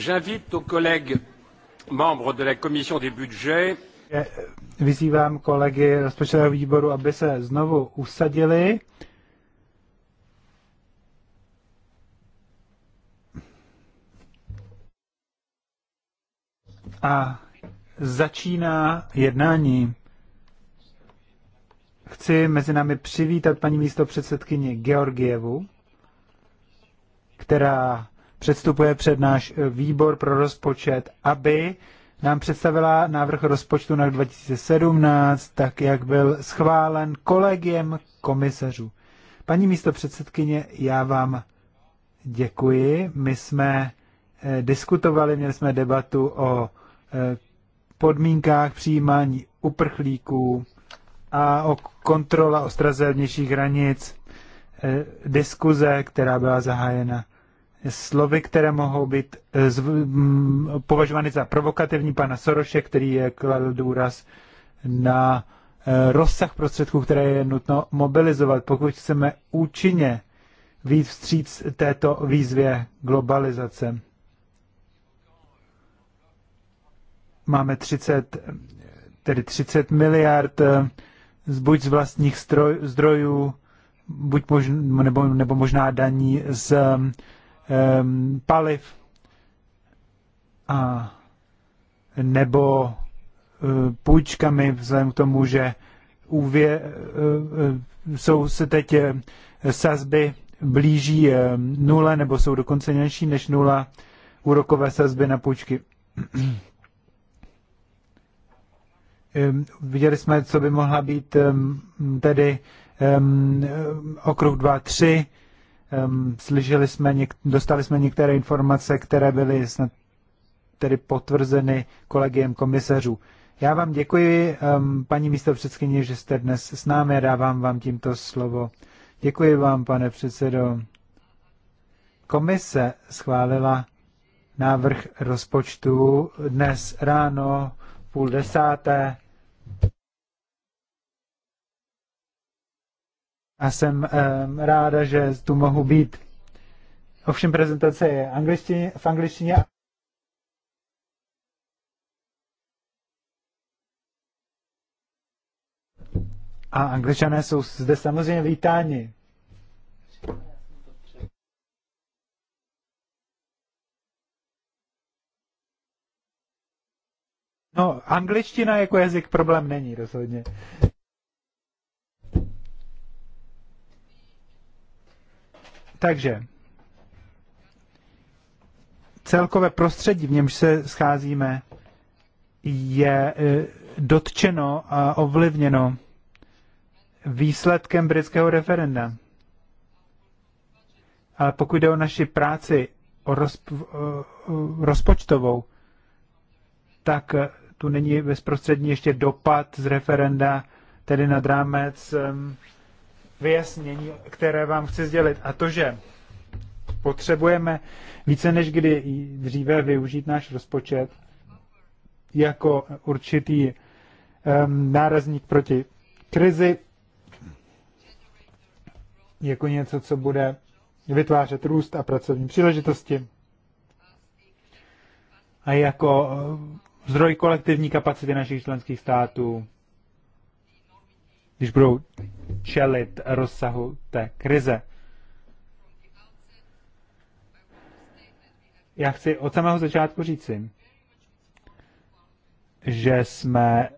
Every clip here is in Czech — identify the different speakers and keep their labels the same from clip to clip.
Speaker 1: J'invite nos collègues membres de la commission des budgets Vyzývám kolegy rozpočtového výboru, aby se znovu usadili. A začíná jednání. Chci mezi námi přivítat paní místo předsedkyni Georgievu, která předstupuje před náš eh, výbor pro rozpočet, aby nám představila návrh rozpočtu na 2017, tak jak byl schválen kolegiem komisařů. Paní místo předsedkyně, já vám děkuji. My jsme eh, diskutovali, měli jsme debatu o eh, podmínkách přijímání uprchlíků a o kontrola ostraze vnějších hranic, diskuze, která byla zahájena slovy, které mohou být eh, mm, považovány za provokativní pana Soroše, který je kladl důraz na eh, rozsah prostředků, které je nutno mobilizovat, pokud chceme účinně víc vstříc této výzvě globalizace. Máme 30, tedy 30 miliard eh, z buď z vlastních stroj, zdrojů, buď možn, nebo, nebo možná daní z um, paliv a nebo uh, půjčkami vzhledem k tomu, že úvě, uh, jsou se teď sazby blíží nule nebo jsou dokonce nižší než nula úrokové sazby na půjčky. Ehm, viděli jsme, co by mohla být ehm, tedy okruh 2, 3, um, slyšeli jsme, něk- dostali jsme některé informace, které byly snad tedy potvrzeny kolegiem komisařů. Já vám děkuji, um, paní místopředsedkyně, že jste dnes s námi a dávám vám tímto slovo. Děkuji vám, pane předsedo. Komise schválila návrh rozpočtu dnes ráno půl desáté a jsem um, ráda, že tu mohu být. Ovšem prezentace je angličtině, v angličtině. A angličané jsou zde samozřejmě vítáni. No, angličtina jako jazyk problém není rozhodně. Takže celkové prostředí, v němž se scházíme, je e, dotčeno a ovlivněno výsledkem britského referenda. Ale pokud jde o naši práci o rozp- e, rozpočtovou, tak tu není bezprostřední ještě dopad z referenda, tedy nad rámec vyjasnění, které vám chci sdělit. A to, že potřebujeme více než kdy dříve využít náš rozpočet jako určitý um, nárazník proti krizi, jako něco, co bude vytvářet růst a pracovní příležitosti a jako zdroj kolektivní kapacity našich členských států, když budou čelit rozsahu té krize. Já chci od samého začátku říci, že jsme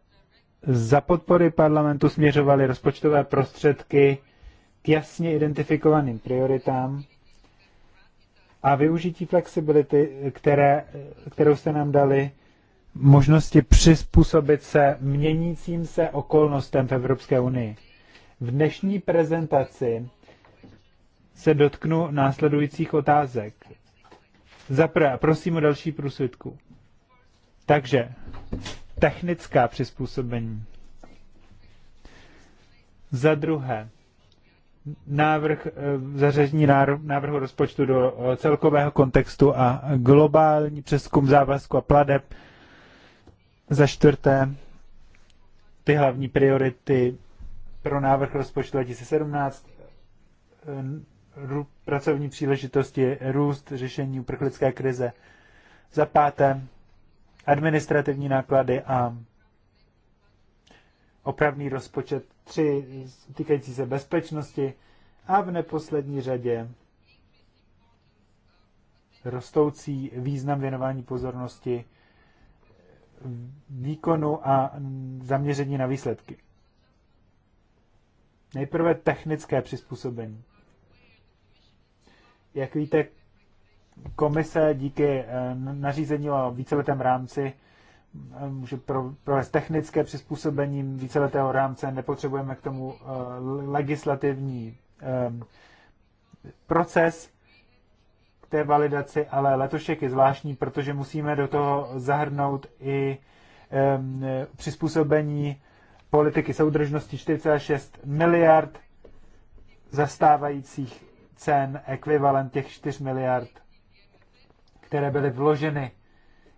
Speaker 1: za podpory parlamentu směřovali rozpočtové prostředky k jasně identifikovaným prioritám a využití flexibility, které, kterou jste nám dali, možnosti přizpůsobit se měnícím se okolnostem v Evropské unii. V dnešní prezentaci se dotknu následujících otázek. Za prvé, prosím o další průsvitku. Takže, technická přizpůsobení. Za druhé, návrh eh, zařazení návrhu rozpočtu do eh, celkového kontextu a globální přeskum závazku a pladeb. Za čtvrté, ty hlavní priority pro návrh rozpočtu 2017 eh, pracovní příležitosti, růst, řešení uprchlické krize. Za páté, administrativní náklady a opravný rozpočet Tři, týkající se bezpečnosti a v neposlední řadě rostoucí význam věnování pozornosti výkonu a zaměření na výsledky. Nejprve technické přizpůsobení. Jak víte, komise díky eh, nařízení o víceletém rámci eh, může provést technické přizpůsobení víceletého rámce, nepotřebujeme k tomu eh, legislativní proces k té validaci, ale letošek je zvláštní, protože musíme do toho zahrnout i přizpůsobení politiky soudržnosti 4,6 miliard zastávajících cen, ekvivalent těch 4 miliard, které byly vloženy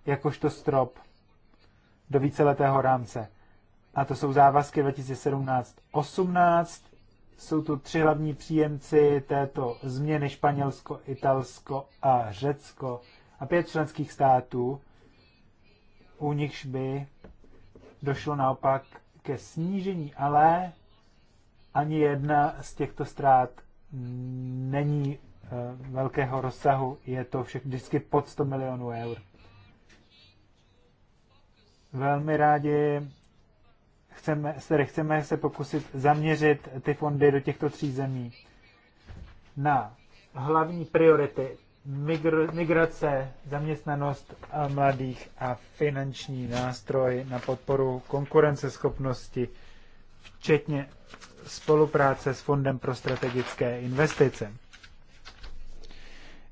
Speaker 1: jakožto strop do víceletého rámce. A to jsou závazky 2017-18. Jsou tu tři hlavní příjemci této změny Španělsko, Italsko a Řecko a pět členských států, u nichž by došlo naopak ke snížení, ale ani jedna z těchto ztrát není eh, velkého rozsahu, je to všechno vždycky pod 100 milionů eur. Velmi rádi chceme, tedy chceme se pokusit zaměřit ty fondy do těchto tří zemí na hlavní priority migr, migrace, zaměstnanost a mladých a finanční nástroj na podporu konkurenceschopnosti, včetně spolupráce s Fondem pro strategické investice.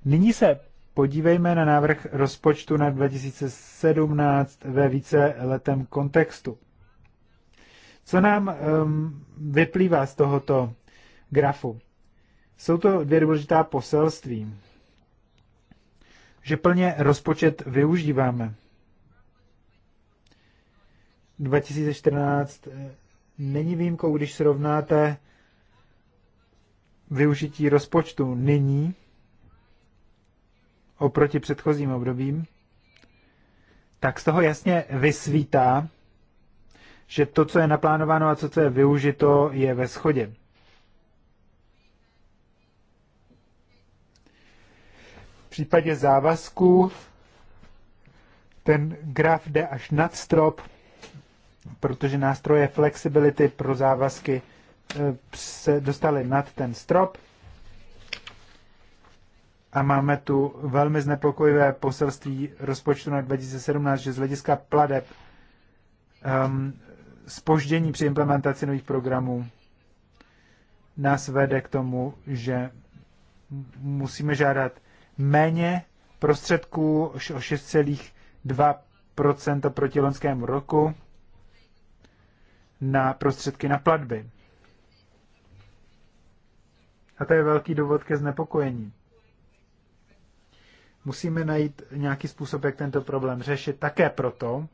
Speaker 1: Nyní se podívejme na návrh rozpočtu na 2017 ve více letém kontextu. Co nám um, vyplývá z tohoto grafu? Jsou to dvě důležitá poselství že plně rozpočet využíváme. 2014 eh, není výjimkou, když srovnáte využití rozpočtu nyní oproti předchozím obdobím, tak z toho jasně vysvítá, že to, co je naplánováno a co, co je využito, je ve schodě. případě závazků ten graf jde až nad strop, protože nástroje flexibility pro závazky eh, se dostaly nad ten strop. A máme tu velmi znepokojivé poselství rozpočtu na 2017, že z hlediska pladeb um, ehm, spoždění při implementaci nových programů nás vede k tomu, že musíme žádat méně prostředků o 6,2% proti loňskému roku na prostředky na platby. A to je velký důvod ke znepokojení. Musíme najít nějaký způsob, jak tento problém řešit, také proto,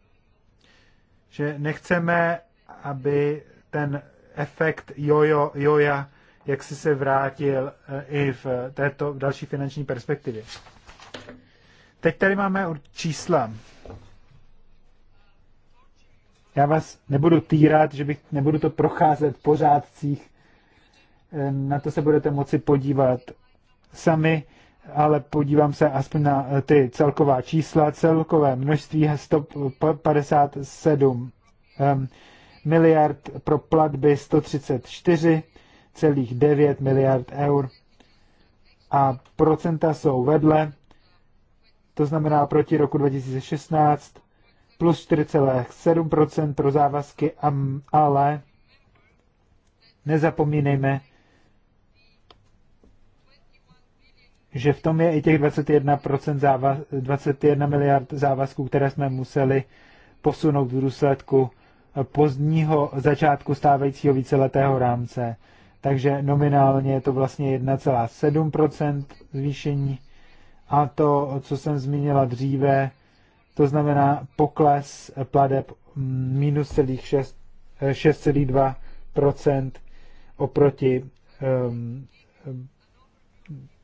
Speaker 1: že nechceme, aby ten efekt jojo, joja jak jsi se vrátil eh, i v eh, této v další finanční perspektivě. Teď tady máme čísla. Já vás nebudu týrat, že bych nebudu to procházet v pořádcích. Eh, na to se budete moci podívat sami, ale podívám se aspoň na ty celková čísla. Celkové množství 157 ehm, miliard pro platby 134 6,9 miliard eur a procenta jsou vedle, to znamená proti roku 2016 plus 4,7% pro závazky, ale nezapomínejme, že v tom je i těch 21%, závaz, 21 miliard závazků, které jsme museli posunout v důsledku pozdního začátku stávajícího víceletého rámce takže nominálně je to vlastně 1,7% zvýšení a to, co jsem zmínila dříve, to znamená pokles pladeb minus 6,2% oproti um,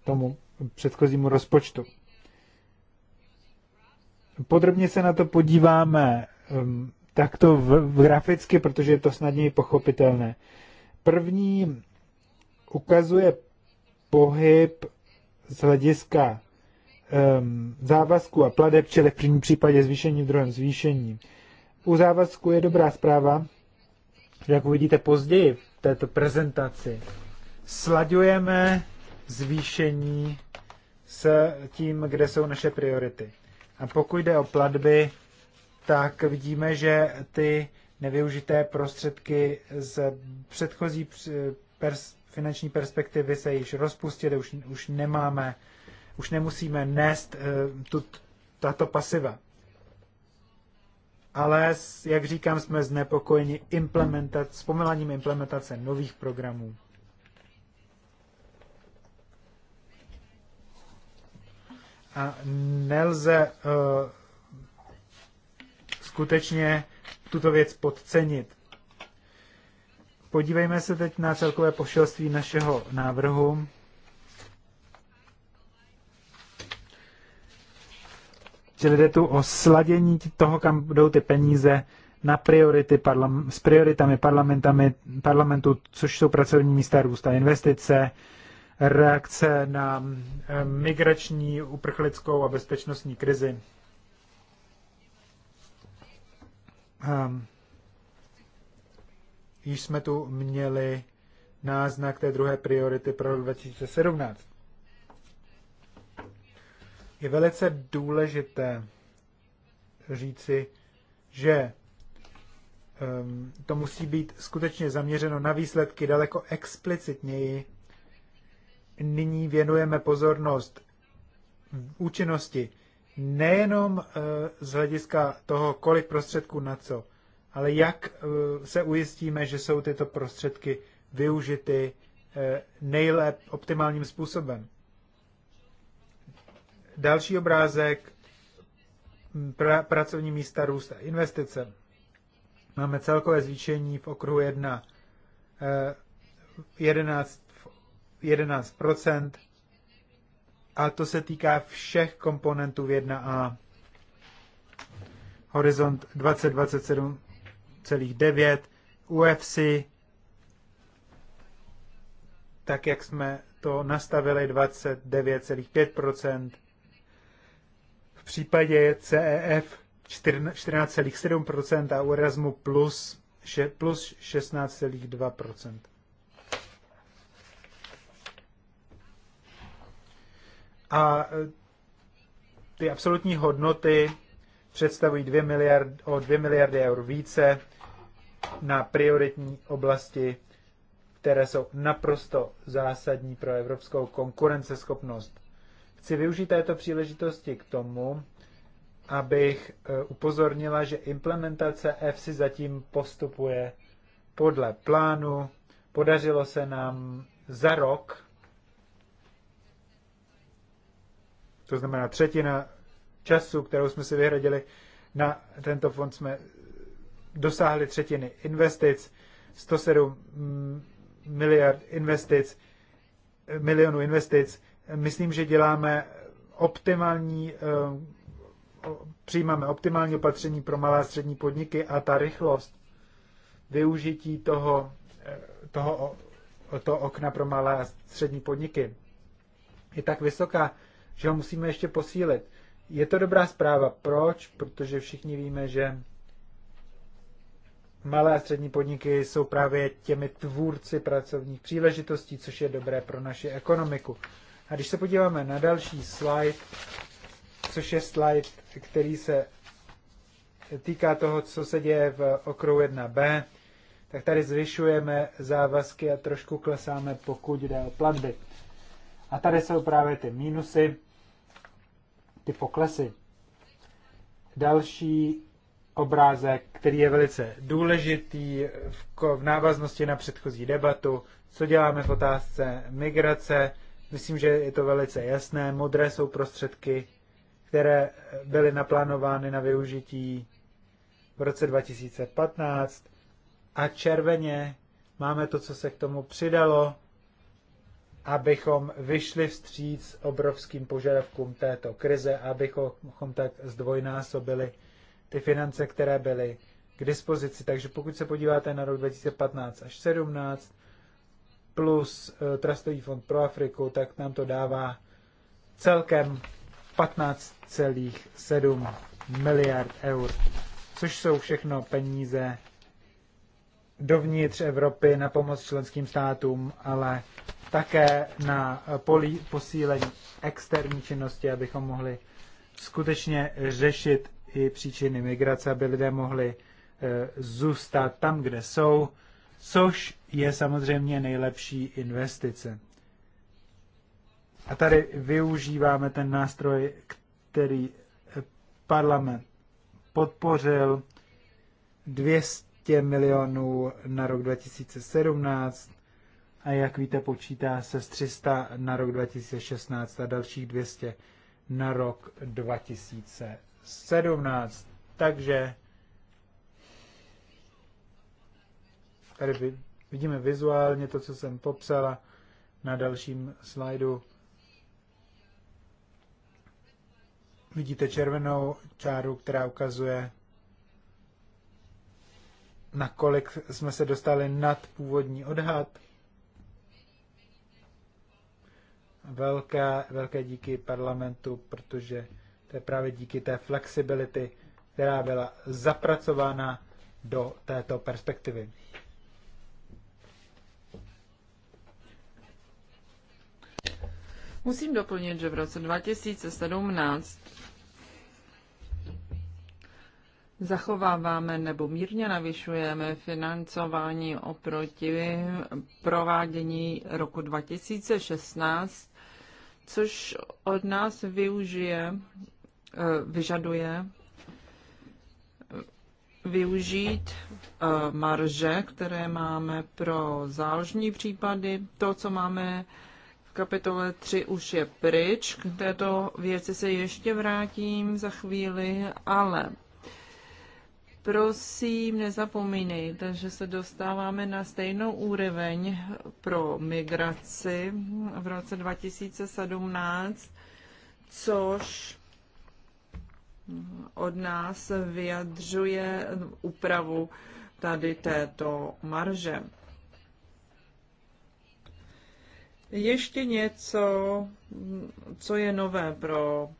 Speaker 1: tomu předchozímu rozpočtu. Podrobně se na to podíváme um, takto v, v graficky, protože je to snadněji pochopitelné. První ukazuje pohyb z hlediska um, závazku a pladeb, čili v prvním případě zvýšení, v druhém zvýšení. U závazku je dobrá zpráva, že jak uvidíte později v této prezentaci, slaďujeme zvýšení s tím, kde jsou naše priority. A pokud jde o platby, tak vidíme, že ty Nevyužité prostředky z předchozí pers- finanční perspektivy se již rozpustily, už, už nemáme, už nemusíme nést eh, tut, tato pasiva. Ale, jak říkám, jsme znepokojeni implementac- s pomilaním implementace nových programů. A nelze uh, skutečně tuto věc podcenit. Podívejme se teď na celkové pošelství našeho návrhu. Čili jde tu o sladění toho, kam budou ty peníze na priority parlam- s prioritami parlamentami, parlamentu, což jsou pracovní místa, růst a investice, reakce na mm, migrační, uprchlickou a bezpečnostní krizi. Um, již jsme tu měli náznak té druhé priority pro rok 2017. Je velice důležité říci, že um, to musí být skutečně zaměřeno na výsledky daleko explicitněji. Nyní věnujeme pozornost účinnosti nejenom eh, z hlediska toho, kolik prostředků na co, ale jak eh, se ujistíme, že jsou tyto prostředky využity eh, nejlépe optimálním způsobem. Další obrázek, mm, pra, pracovní místa, růst a investice. Máme celkové zvýšení v okruhu 1 11, 11 a to se týká všech komponentů v 1A. Horizont 2027,9, UFC, tak jak jsme to nastavili 29,5%, v případě e CEF 14,7% a urazmu Erasmu plus, plus 16,2%. A e, ty absolutní hodnoty představují 2 miliard, o 2 miliardy eur více na prioritní oblasti, které jsou naprosto zásadní pro evropskou konkurenceschopnost. Chci využít této příležitosti k tomu, abych e, upozornila, že implementace EFSI zatím postupuje podle plánu. Podařilo se nám za rok To znamená třetina času, kterou jsme si vyhradili na tento fond, jsme dosáhli třetiny investic, 107 miliard investic, milionů investic. Myslím, že děláme optimální, eh, přijímáme optimální opatření pro malé a střední podniky a ta rychlost využití toho, eh, toho, toho okna pro malé a střední podniky je tak vysoká, že ho musíme ještě posílit. Je to dobrá zpráva. Proč? Protože všichni víme, že malé a střední podniky jsou právě těmi tvůrci pracovních příležitostí, což je dobré pro naši ekonomiku. A když se podíváme na další slide, což je slide, který se týká toho, co se děje v okruhu 1b, tak tady zvyšujeme závazky a trošku klesáme, pokud jde o platby. A tady jsou právě ty mínusy ty poklesy. Další obrázek, který je velice důležitý v, návaznosti na předchozí debatu, co děláme v otázce migrace. Myslím, že je to velice jasné. Modré jsou prostředky, které byly naplánovány na využití v roce 2015 a červeně máme to, co se k tomu přidalo abychom vyšli vstříc obrovským požadavkům této krize, abychom tak zdvojnásobili ty finance, které byly k dispozici. Takže pokud se podíváte na rok 2015 až 17 plus eh, Trustový fond pro Afriku, tak nám to dává celkem 15,7 miliard eur, což jsou všechno peníze dovnitř Evropy na pomoc členským státům, ale také na polí, posílení externí činnosti, abychom mohli skutečně řešit i příčiny migrace, aby lidé mohli e, zůstat tam, kde jsou, což je samozřejmě nejlepší investice. A tady využíváme ten nástroj, který parlament podpořil 200 milionů na rok 2017 a jak víte, počítá se z 300 na rok 2016 a dalších 200 na rok 2017. Takže tady vidíme vizuálně to, co jsem popsala na dalším slajdu. Vidíte červenou čáru, která ukazuje, nakolik jsme se dostali nad původní odhad. velké, velké díky parlamentu, protože to je právě díky té flexibility, která byla zapracována do této perspektivy.
Speaker 2: Musím doplnit, že v roce 2017 zachováváme nebo mírně navyšujeme financování oproti provádění roku 2016 což od nás využije, eh, vyžaduje eh, využít eh, marže, které máme pro záložní případy. To, co máme v kapitole 3, už je pryč. K této věci se ještě vrátím za chvíli, ale Prosím, nezapomínejte, že se dostáváme na stejnou úroveň pro migraci v roce 2017, což od nás vyjadřuje úpravu tady této marže. Ještě něco, co je nové pro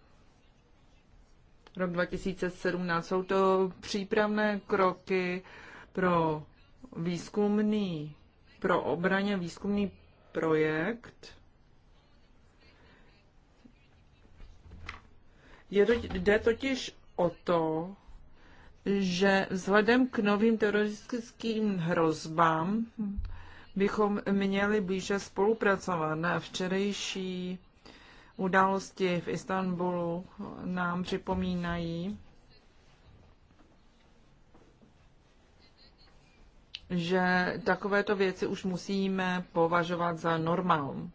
Speaker 2: rok 2017. Jsou to přípravné kroky pro výzkumný, pro obraně výzkumný projekt. Je to, Jde totiž o to, že vzhledem k novým teroristickým hrozbám bychom měli blíže spolupracovat. Na včerejší Události v Istanbulu nám připomínají, že takovéto věci už musíme považovat za normál.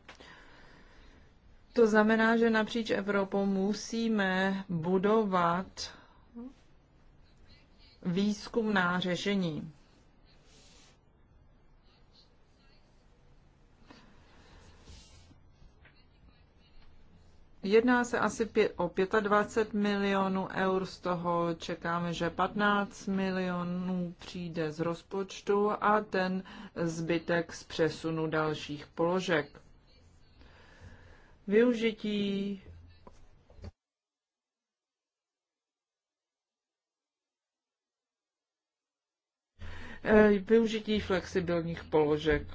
Speaker 2: To znamená, že napříč Evropou musíme budovat výzkumná řešení. Jedná se asi o 25 milionů eur, z toho čekáme, že 15 milionů přijde z rozpočtu a ten zbytek z přesunu dalších položek. Využití eh, využití flexibilních položek.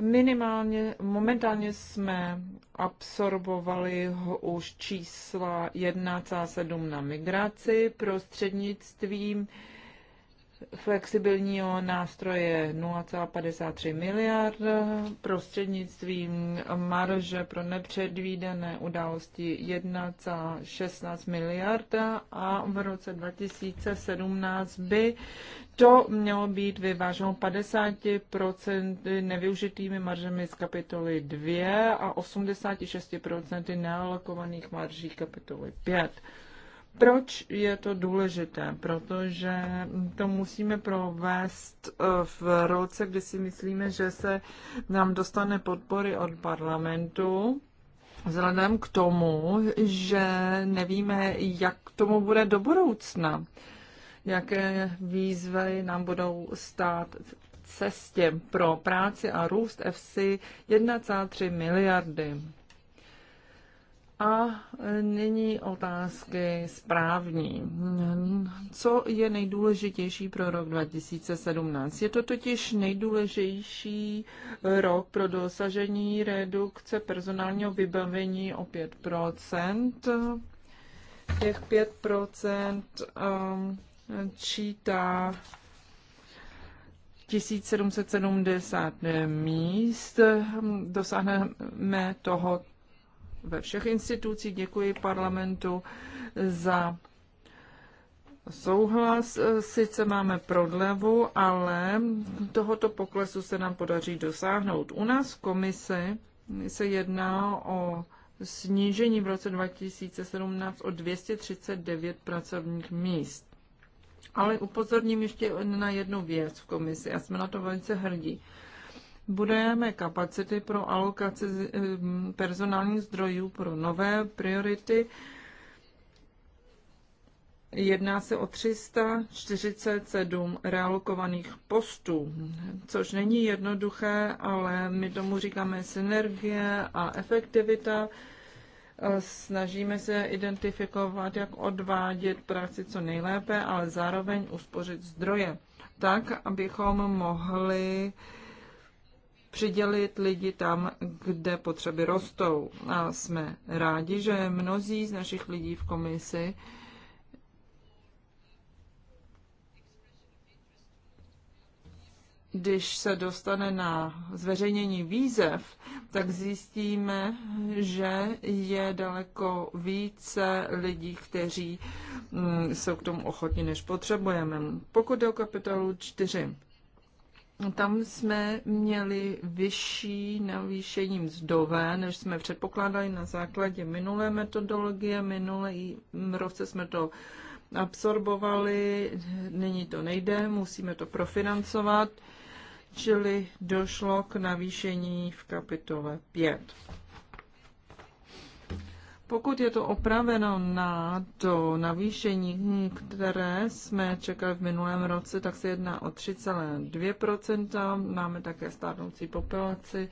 Speaker 2: Minimálně, momentálně jsme absorbovali ho už čísla 1,7 na migraci prostřednictvím flexibilního nástroje 0,53 miliard prostřednictvím marže pro nepředvídané události 1,16 miliard a v roce 2017 by to mělo být vyváženo 50% nevyužitými maržemi z kapitoly 2 a 86% nealokovaných marží kapitoly 5. Proč je to důležité? Protože to musíme provést eh, v roce, kdy si myslíme, že se nám dostane podpory od parlamentu, vzhledem k tomu, že nevíme, jak tomu bude do budoucna, jaké výzvy nám budou stát v cestě pro práci a růst FC 1,3 miliardy. A nyní otázky správní. Co je nejdůležitější pro rok 2017? Je to totiž nejdůležitější rok pro dosažení redukce personálního vybavení o 5 Těch 5 um, čítá 1770 eh, míst. Dosáhneme toho ve všech institucích. Děkuji parlamentu za souhlas. Sice máme prodlevu, ale tohoto poklesu se nám podaří dosáhnout. U nás v komisi se jedná o snížení v roce 2017 o 239 pracovních míst. Ale upozorním ještě na jednu věc v komisi a jsme na to velice hrdí budujeme kapacity pro alokaci eh, personálních zdrojů pro nové priority. Jedná se o 347 realokovaných postů, což není jednoduché, ale my tomu říkáme synergie a efektivita. Eh, snažíme se identifikovat, jak odvádět práci co nejlépe, ale zároveň uspořit zdroje, tak, abychom mohli uh, přidělit lidi tam, kde potřeby rostou. A jsme rádi, že mnozí z našich lidí v komisi když se dostane na zveřejnění výzev, tak zjistíme, že je daleko více lidí, kteří mm, jsou k tomu ochotní, než potřebujeme. Pokud jde o kapitolu 4, tam jsme měli vyšší navýšení mzdové, než jsme předpokládali na základě minulé metodologie. Minulý roce jsme to absorbovali, nyní to nejde, musíme to profinancovat, čili došlo k navýšení v kapitole 5. Pokud je to opraveno na to navýšení, hm, které jsme čekali v minulém roce, tak se jedná o 3,2 Máme také stárnoucí populaci,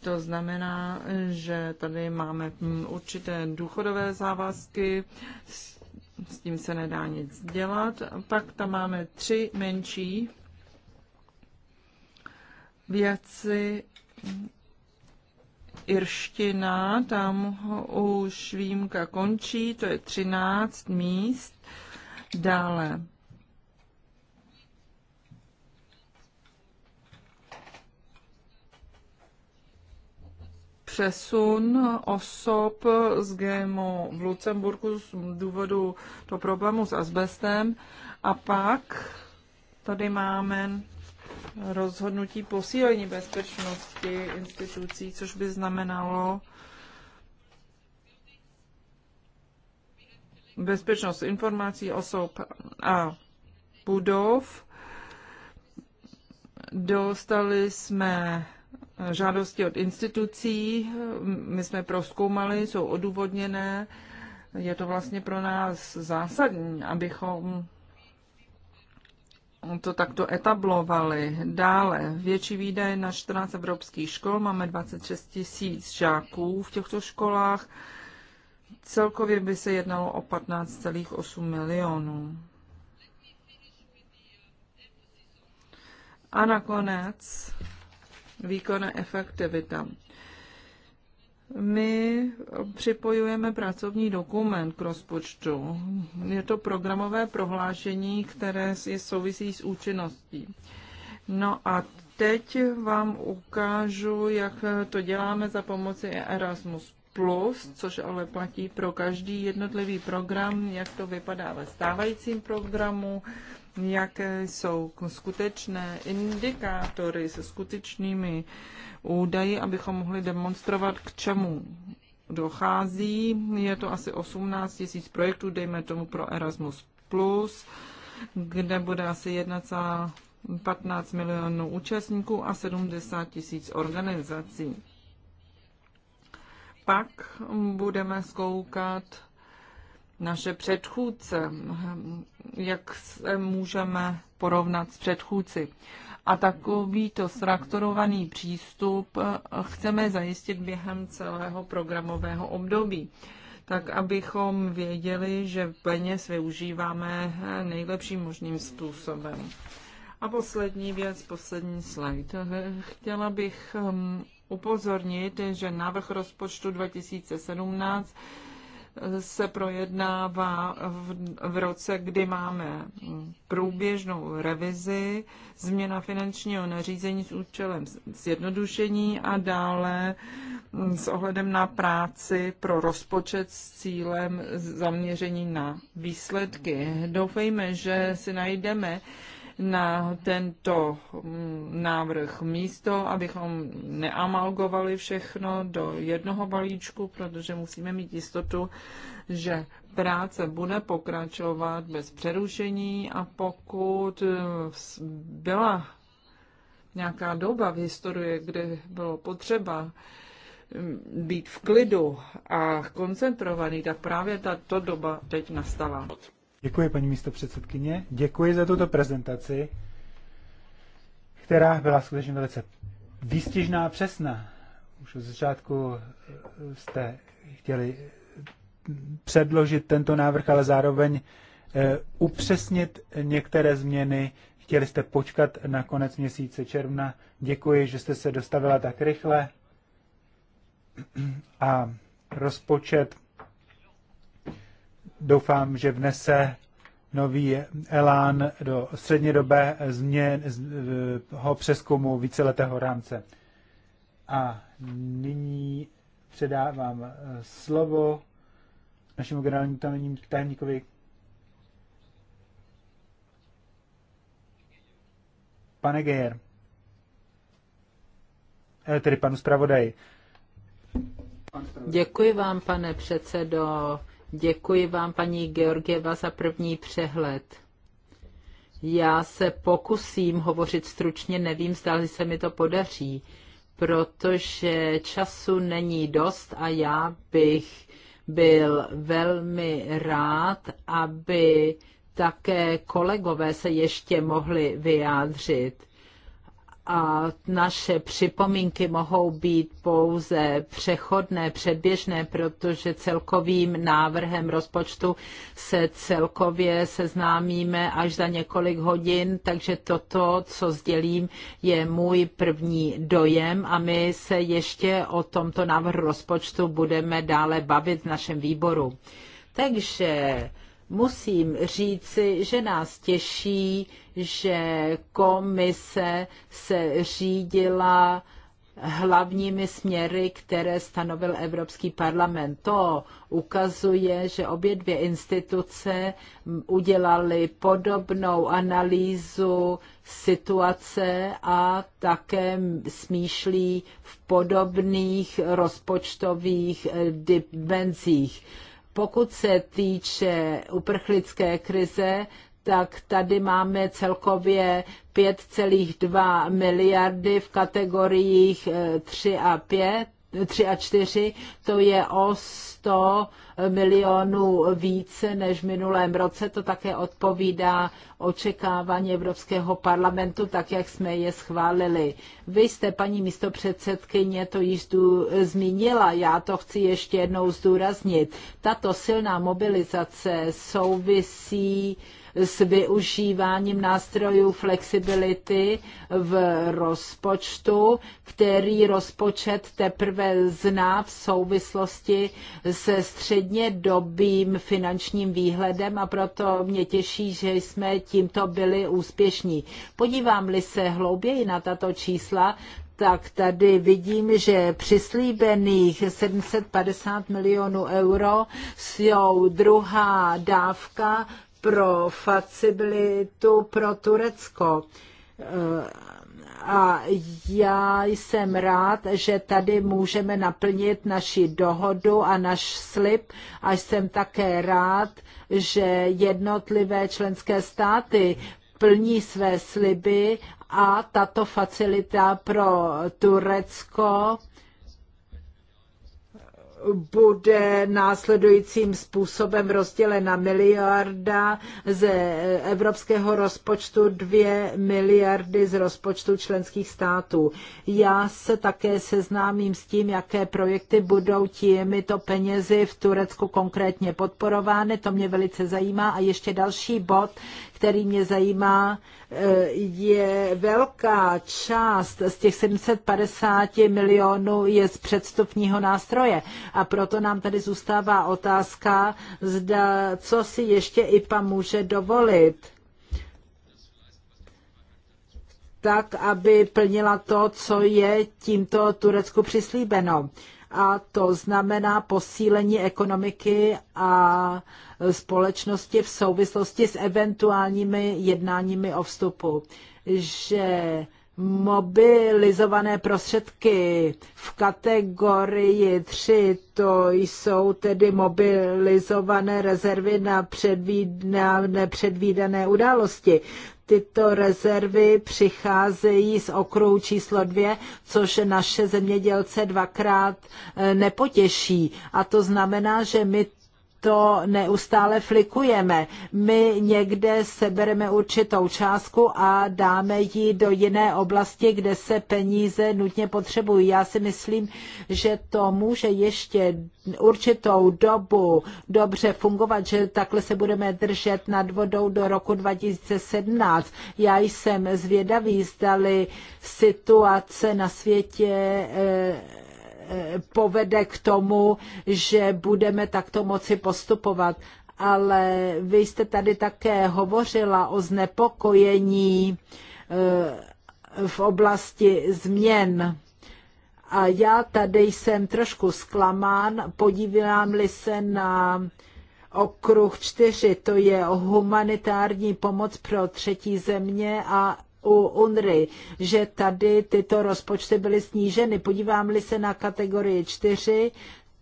Speaker 2: to znamená, že tady máme hm, určité důchodové závazky, s tím se nedá nic dělat. Pak tam máme tři menší věci, irština, tam už výjimka končí, to je 13 míst. Dále přesun osob z GMO v Lucemburku z důvodu toho problému s asbestem. A pak tady máme rozhodnutí posílení bezpečnosti institucí, což by znamenalo bezpečnost informací osob a budov. Dostali jsme žádosti od institucí, my jsme proskoumali, jsou odůvodněné. Je to vlastně pro nás zásadní, abychom to takto etablovali. Dále větší výdaje na 14 evropských škol, máme 26 tisíc žáků v těchto školách. Celkově by se jednalo o 15,8 milionů. A nakonec výkonná efektivita my připojujeme pracovní dokument k rozpočtu. Je to programové prohlášení, které je souvisí s účinností. No a teď vám ukážu, jak to děláme za pomoci Erasmus+, plus, což ale platí pro každý jednotlivý program, jak to vypadá ve stávajícím programu, jaké jsou skutečné indikátory se skutečnými údaji, abychom mohli demonstrovat, k čemu dochází. Je to asi 18 tisíc projektů, dejme tomu pro Erasmus+, kde bude asi 1,15 milionů účastníků a 70 tisíc organizací. Pak budeme zkoukat naše předchůdce, jak se můžeme porovnat s předchůdci. A takovýto strukturovaný přístup eh, chceme zajistit během celého programového období, tak abychom věděli, že peněz využíváme eh, nejlepším možným způsobem. A poslední věc, poslední slide. Eh, chtěla bych hm, upozornit, že návrh rozpočtu 2017 se projednává v, v roce, kdy máme průběžnou revizi, změna finančního nařízení s účelem zjednodušení a dále s ohledem na práci pro rozpočet s cílem zaměření na výsledky. Doufejme, že si najdeme na tento mm, návrh místo, abychom neamalgovali všechno do jednoho balíčku, protože musíme mít jistotu, že práce bude pokračovat bez přerušení a pokud eh, byla nějaká doba v historii, kde bylo potřeba mm, být v klidu a koncentrovaný, tak právě tato doba
Speaker 1: teď nastala. Děkuji, paní místo předsedkyně. Děkuji za tuto prezentaci, která byla skutečně velice výstižná a přesná. Už od začátku eh, jste chtěli předložit tento návrh, ale zároveň eh, upřesnit některé změny. Chtěli jste počkat na konec měsíce června. Děkuji, že jste se dostavila tak rychle. A rozpočet doufám, že vnese nový elán do střednědobé změnho přeskumu víceletého rámce. A nyní předávám eh, slovo našemu generálnímu tajemníkovi pane Gejer, eh, tedy panu zpravodaji.
Speaker 3: Děkuji vám, pane předsedo. Děkuji vám, paní Georgieva, za první přehled. Já se pokusím hovořit stručně, nevím, zda se mi to podaří, protože času není dost a já bych byl velmi rád, aby také kolegové se ještě mohli vyjádřit a naše připomínky mohou být pouze přechodné, předběžné, protože celkovým návrhem rozpočtu se celkově seznámíme až za několik hodin, takže toto, co sdělím, je můj první dojem a my se ještě o tomto návrhu rozpočtu budeme dále bavit v našem výboru. Takže musím říci, že nás těší, že komise se řídila hlavními směry, které stanovil Evropský parlament. To ukazuje, že obě dvě instituce udělaly podobnou analýzu situace a také smýšlí v podobných rozpočtových dimenzích pokud se týče uprchlické krize, tak tady máme celkově 5,2 miliardy v kategoriích 3 eh, a 5 3 a 4, to je o 100 milionů více než v minulém roce. To také odpovídá očekávání Evropského parlamentu, tak jak jsme je schválili. Vy jste, paní místopředsedkyně, to již zmínila, já to chci ještě jednou zdůraznit. Tato silná mobilizace souvisí s využíváním nástrojů flexibility v rozpočtu, který rozpočet teprve zná v souvislosti se střednědobým finančním výhledem a proto mě těší, že jsme tímto byli úspěšní. Podívám-li se hlouběji na tato čísla, tak tady vidím, že přislíbených 750 milionů euro jsou druhá dávka pro facibilitu pro Turecko. A já jsem rád, že tady můžeme naplnit naši dohodu a náš slib a jsem také rád, že jednotlivé členské státy plní své sliby a tato facilita pro Turecko bude následujícím způsobem rozdělena miliarda ze evropského rozpočtu, dvě miliardy z rozpočtu členských států. Já se také seznámím s tím, jaké projekty budou těmito penězi v Turecku konkrétně podporovány. To mě velice zajímá. A ještě další bod, který mě zajímá, eh, je velká část z těch 750 milionů je z předstupního nástroje. A proto nám tady zůstává otázka, zda, co si ještě IPA může dovolit tak, aby plnila to, co je tímto Turecku přislíbeno a to znamená posílení ekonomiky a společnosti v souvislosti s eventuálními jednáními o vstupu. Že mobilizované prostředky v kategorii 3, to jsou tedy mobilizované rezervy na, předvídna, nepředvídané události. Tyto rezervy přicházejí z okruhu číslo dvě, což naše zemědělce dvakrát eh, nepotěší. A to znamená, že my to neustále flikujeme. My někde sebereme určitou částku a dáme ji do jiné oblasti, kde se peníze nutně potřebují. Já si myslím, že to může ještě určitou dobu dobře fungovat, že takhle se budeme držet nad vodou do roku 2017. Já jsem zvědavý, zdali situace na světě eh, povede k tomu, že budeme takto moci postupovat. Ale vy jste tady také hovořila o znepokojení eh, v oblasti změn. A já tady jsem trošku zklamán, podívám-li se na okruh čtyři, to je humanitární pomoc pro třetí země a u UNRY, že tady tyto rozpočty byly sníženy. Podívám-li se na kategorii 4,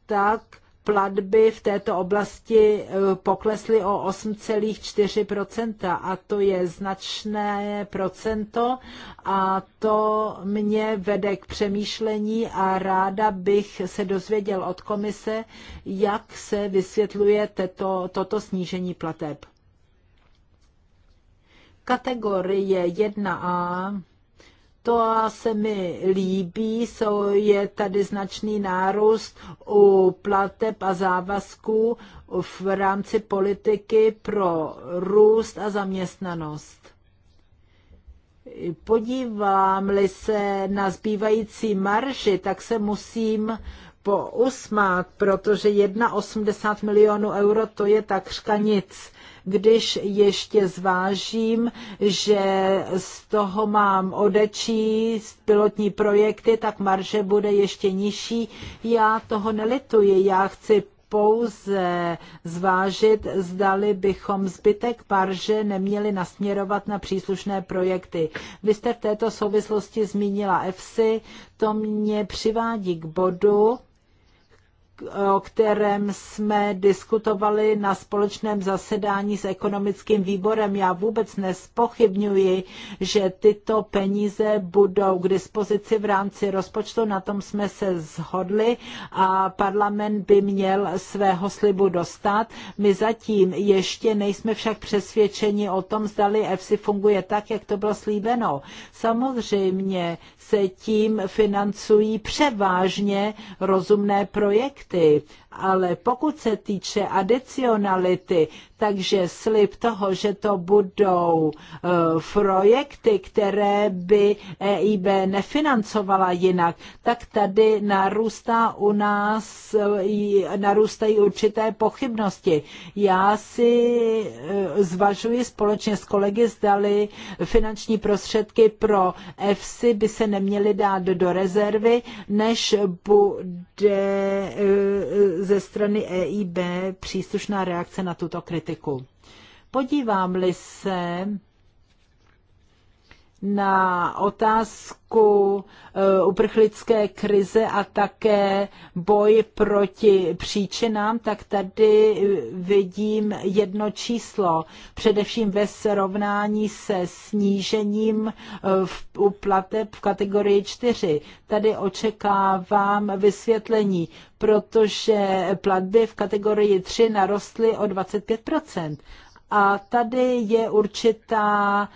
Speaker 3: tak platby v této oblasti eh, poklesly o 8,4% a to je značné procento a to mě vede k přemýšlení a ráda bych se dozvěděl od komise, jak se vysvětluje tato, toto snížení plateb. Kategorie 1A to se mi líbí, jsou, je tady značný nárůst u plateb a závazků v rámci politiky pro růst a zaměstnanost. Podívám-li se na zbývající marži, tak se musím pousmát, protože 1,80 milionů euro to je takřka nic když ještě zvážím, že z toho mám odečíst pilotní projekty, tak marže bude ještě nižší. Já toho nelituji, já chci pouze zvážit, zdali bychom zbytek marže neměli nasměrovat na příslušné projekty. Vy jste v této souvislosti zmínila EFSI, to mě přivádí k bodu, o kterém jsme diskutovali na společném zasedání s ekonomickým výborem. Já vůbec nespochybňuji, že tyto peníze budou k dispozici v rámci rozpočtu, na tom jsme se zhodli a parlament by měl svého slibu dostat. My zatím ještě nejsme však přesvědčeni o tom, zdali EFSI funguje tak, jak to bylo slíbeno. Samozřejmě se tím financují převážně rozumné projekty, produkty ale pokud se týče adicionality, takže slib toho, že to budou e, projekty, které by EIB nefinancovala jinak, tak tady narůstá u nás, e, narůstají určité pochybnosti. Já si e, zvažuji společně s kolegy, zdali finanční prostředky pro EFSI by se neměly dát do rezervy, než bude ze strany EIB příslušná reakce na tuto kritiku. Podívám-li se na otázku eh, uprchlické krize a také boj proti příčinám, tak tady vidím jedno číslo, především ve srovnání se snížením eh, v, u plateb v kategorii 4. Tady očekávám vysvětlení, protože platby v kategorii 3 narostly o 25 a tady je určitá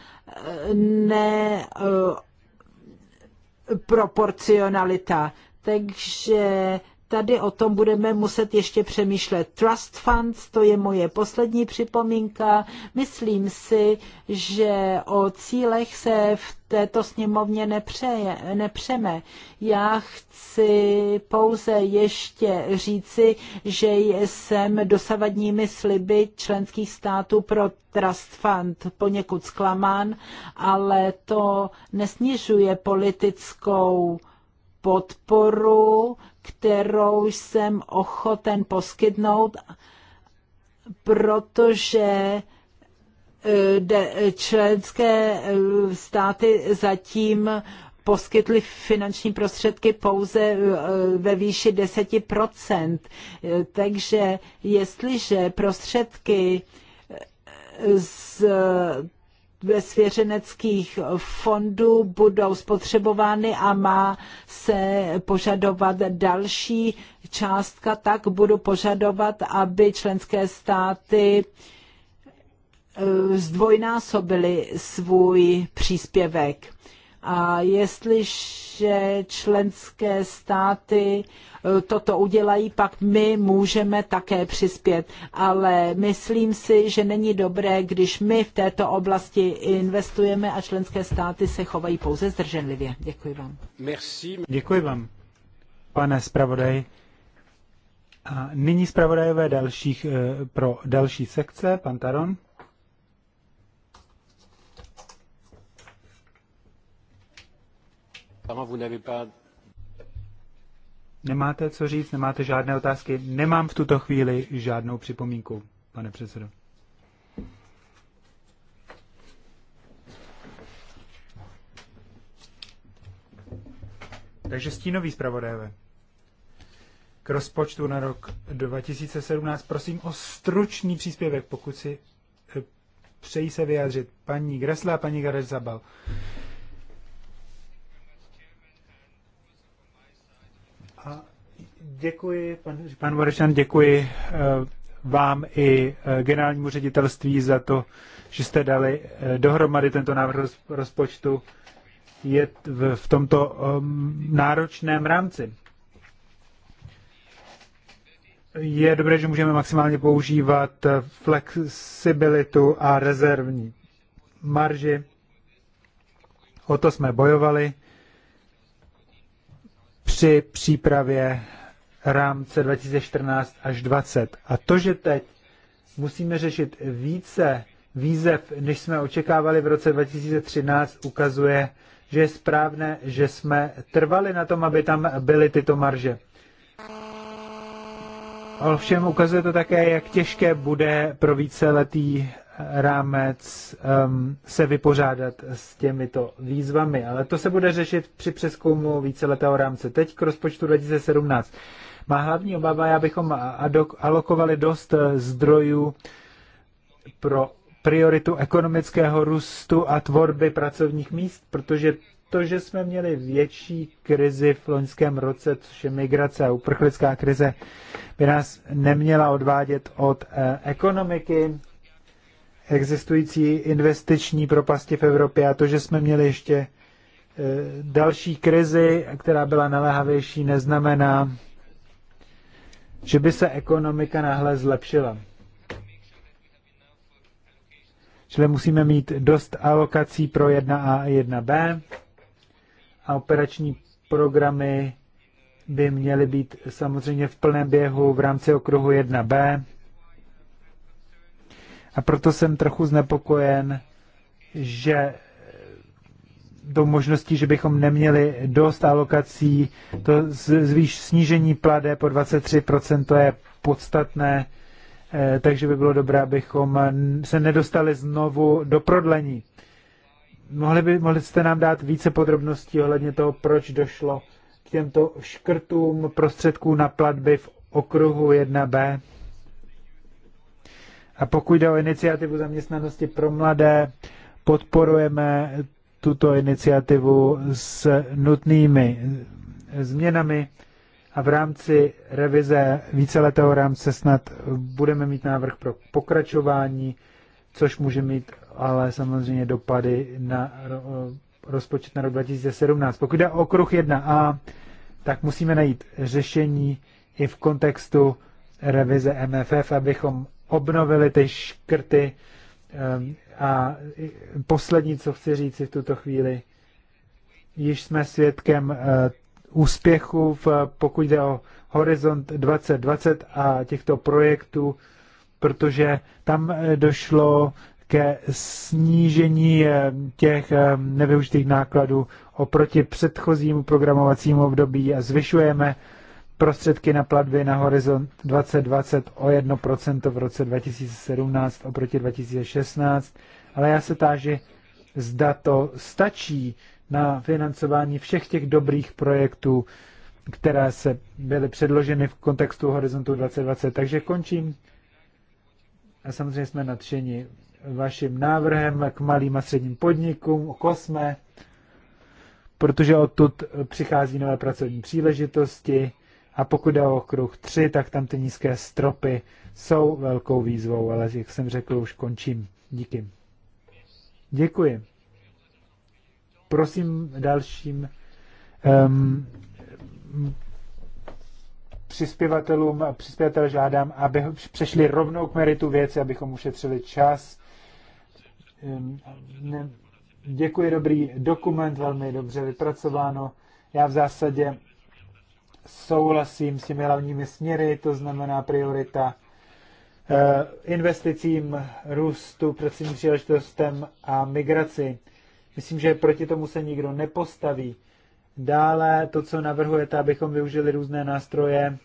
Speaker 3: neproporcionalita. Eh, Takže tady o tom budeme muset ještě přemýšlet. Trust funds, to je moje poslední připomínka. Myslím si, že o cílech se v této sněmovně nepřeje, nepřeme. Já chci pouze ještě říci, že jsem dosavadními sliby členských států pro Trust Fund poněkud zklamán, ale to nesnižuje politickou podporu, kterou jsem ochoten poskytnout, protože eh, členské eh, státy zatím poskytli finanční prostředky pouze eh, ve výši 10%. Takže jestliže prostředky z ve svěřeneckých fondů budou spotřebovány a má se požadovat další částka, tak budu požadovat, aby členské státy e, zdvojnásobily svůj příspěvek. A jestliže členské státy e, toto udělají, pak my můžeme také přispět. Ale myslím si, že není dobré, když my v této oblasti investujeme a členské státy se chovají pouze zdrženlivě. Děkuji vám.
Speaker 1: Merci. Děkuji vám, pane zpravodaj. A nyní zpravodajové dalších, e, pro další sekce, pan Taron. Nemáte co říct, nemáte žádné otázky. Nemám v tuto chvíli žádnou připomínku, pane předsedo. Takže stínový zpravodajové. K rozpočtu na rok 2017 prosím o stručný příspěvek, pokud si eh, přejí se vyjádřit paní Gresla a paní Garezabal. Zabal. A děkuji, pan, pan Varešan, děkuji eh, vám i eh, generálnímu ředitelství za to, že jste dali eh, dohromady tento návrh rozpočtu je v, v tomto ehm, náročném rámci. Je dobré, že můžeme maximálně používat flexibilitu a rezervní marži. O to jsme bojovali při přípravě rámce 2014 až 2020. A to, že teď musíme řešit více výzev, než jsme očekávali v roce 2013, ukazuje, že je správné, že jsme trvali na tom, aby tam byly tyto marže. Ovšem ukazuje to také, jak těžké bude pro víceletý rámec um, se vypořádat s těmito výzvami. Ale to se bude řešit při přeskoumu víceletého rámce. Teď k rozpočtu 2017. Má hlavní obava abychom alokovali dost eh, zdrojů pro prioritu ekonomického růstu a tvorby pracovních míst, protože to, že jsme měli větší krizi v loňském roce, což je migrace a uprchlická krize, by nás neměla odvádět od eh, ekonomiky, existující investiční propasti v Evropě a to, že jsme měli ještě e, další krizi, která byla naléhavější, neznamená, že by se ekonomika náhle zlepšila. Čili musíme mít dost alokací pro 1A a 1B a operační programy by měly být samozřejmě v plném běhu v rámci okruhu 1B a proto jsem trochu znepokojen, že do možností, že bychom neměli dost alokací, to zvýš snížení plade po 23%, to je podstatné, eh, takže by bylo dobré, abychom se nedostali znovu do prodlení. Mohli, by, mohli jste nám dát více podrobností ohledně toho, proč došlo k těmto škrtům prostředků na platby v okruhu 1b? A pokud jde o iniciativu zaměstnanosti pro mladé, podporujeme tuto iniciativu s nutnými změnami a v rámci revize víceletého rámce snad budeme mít návrh pro pokračování, což může mít ale samozřejmě dopady na rozpočet na rok 2017. Pokud jde o okruh 1a, tak musíme najít řešení i v kontextu revize MFF, abychom obnovili ty škrty. Ehm, a poslední, co chci říct v tuto chvíli, již jsme svědkem eh, úspěchu, v, pokud jde o Horizont 2020 a těchto projektů, protože tam eh, došlo ke snížení eh, těch ehm, nevyužitých nákladů oproti předchozímu programovacímu období a zvyšujeme prostředky na platby na horizont 2020 o 1% v roce 2017 oproti 2016, ale já se táži, zda to stačí na financování všech těch dobrých projektů, které se byly předloženy v kontextu Horizontu 2020. Takže končím. A samozřejmě jsme nadšeni vaším návrhem k malým a středním podnikům, o kosme, protože odtud přichází nové pracovní příležitosti, a pokud jde o okruh 3, tak tam ty nízké stropy jsou velkou výzvou, ale jak jsem řekl, už končím. Díky. Děkuji. Prosím dalším um, přispěvatelům, přispěvatel žádám, aby přešli rovnou k meritu věci, abychom ušetřili čas. Um, ne, děkuji, dobrý dokument, velmi dobře vypracováno. Já v zásadě souhlasím s těmi hlavními směry, to znamená priorita eh, investicím, růstu, pracovním příležitostem a migraci. Myslím, že proti tomu se nikdo nepostaví. Dále to, co navrhujete, abychom využili různé nástroje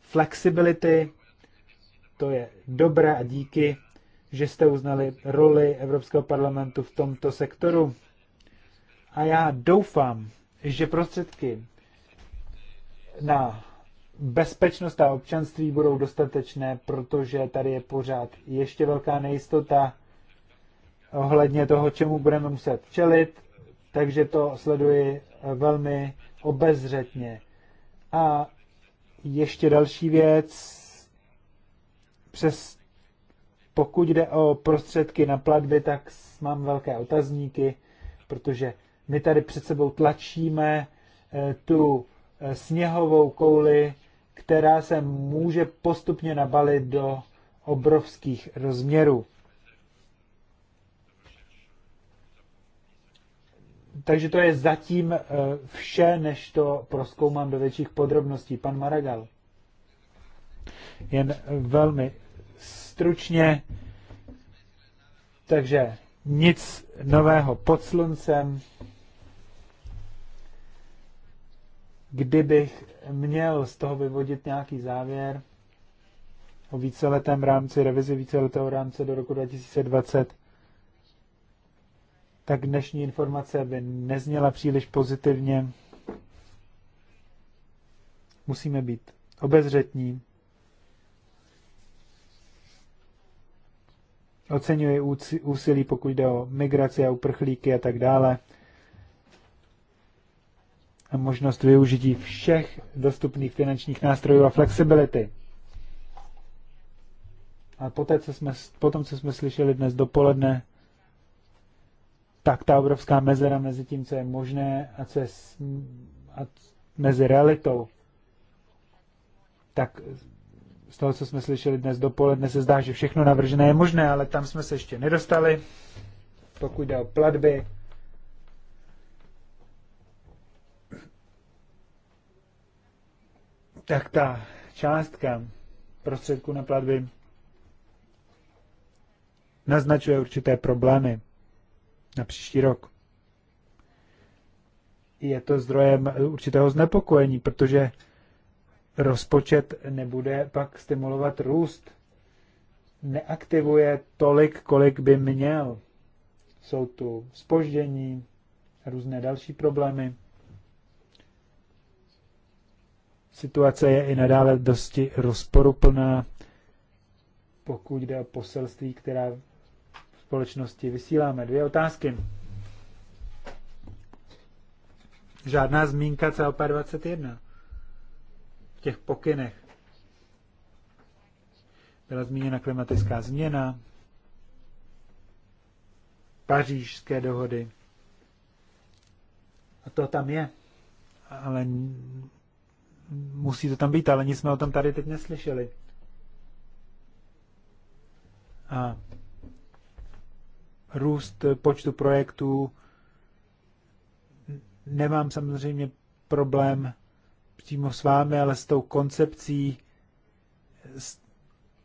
Speaker 1: flexibility, to je dobré a díky, že jste uznali roli Evropského parlamentu v tomto sektoru. A já doufám, že prostředky na bezpečnost a občanství budou dostatečné, protože tady je pořád ještě velká nejistota ohledně toho, čemu budeme muset čelit, takže to sleduji velmi obezřetně. A ještě další věc, přes pokud jde o prostředky na platby, tak mám velké otazníky, protože my tady před sebou tlačíme eh, tu Eh, sněhovou kouli, která se může postupně nabalit do obrovských rozměrů. Takže to je zatím eh, vše, než to proskoumám do větších podrobností. Pan Maragal. Jen velmi stručně. Takže nic nového pod sluncem. kdybych měl z toho vyvodit nějaký závěr o víceletém rámci, revizi víceletého rámce do roku 2020, tak dnešní informace by nezněla příliš pozitivně. Musíme být obezřetní. Oceňuji úsilí, pokud jde o migraci a uprchlíky a tak dále možnost využití všech dostupných finančních nástrojů a flexibility. A poté, co jsme, potom, co jsme slyšeli dnes dopoledne, tak ta obrovská mezera mezi tím, co je možné a co je a mezi realitou, tak z toho, co jsme slyšeli dnes dopoledne, se zdá, že všechno navržené je možné, ale tam jsme se ještě nedostali. Pokud jde o platby, tak ta částka prostředků na platby naznačuje určité problémy na příští rok. Je to zdrojem určitého znepokojení, protože rozpočet nebude pak stimulovat růst. Neaktivuje tolik, kolik by měl. Jsou tu spoždění, různé další problémy. Situace je i nadále dosti rozporuplná, pokud jde o poselství, která v společnosti vysíláme. Dvě otázky. Žádná zmínka CLP21 v těch pokynech. Byla zmíněna klimatická změna, pařížské dohody. A to tam je. Ale musí to tam být, ale nic jsme o tom tady teď neslyšeli. A růst počtu projektů nemám samozřejmě problém přímo s vámi, ale s tou koncepcí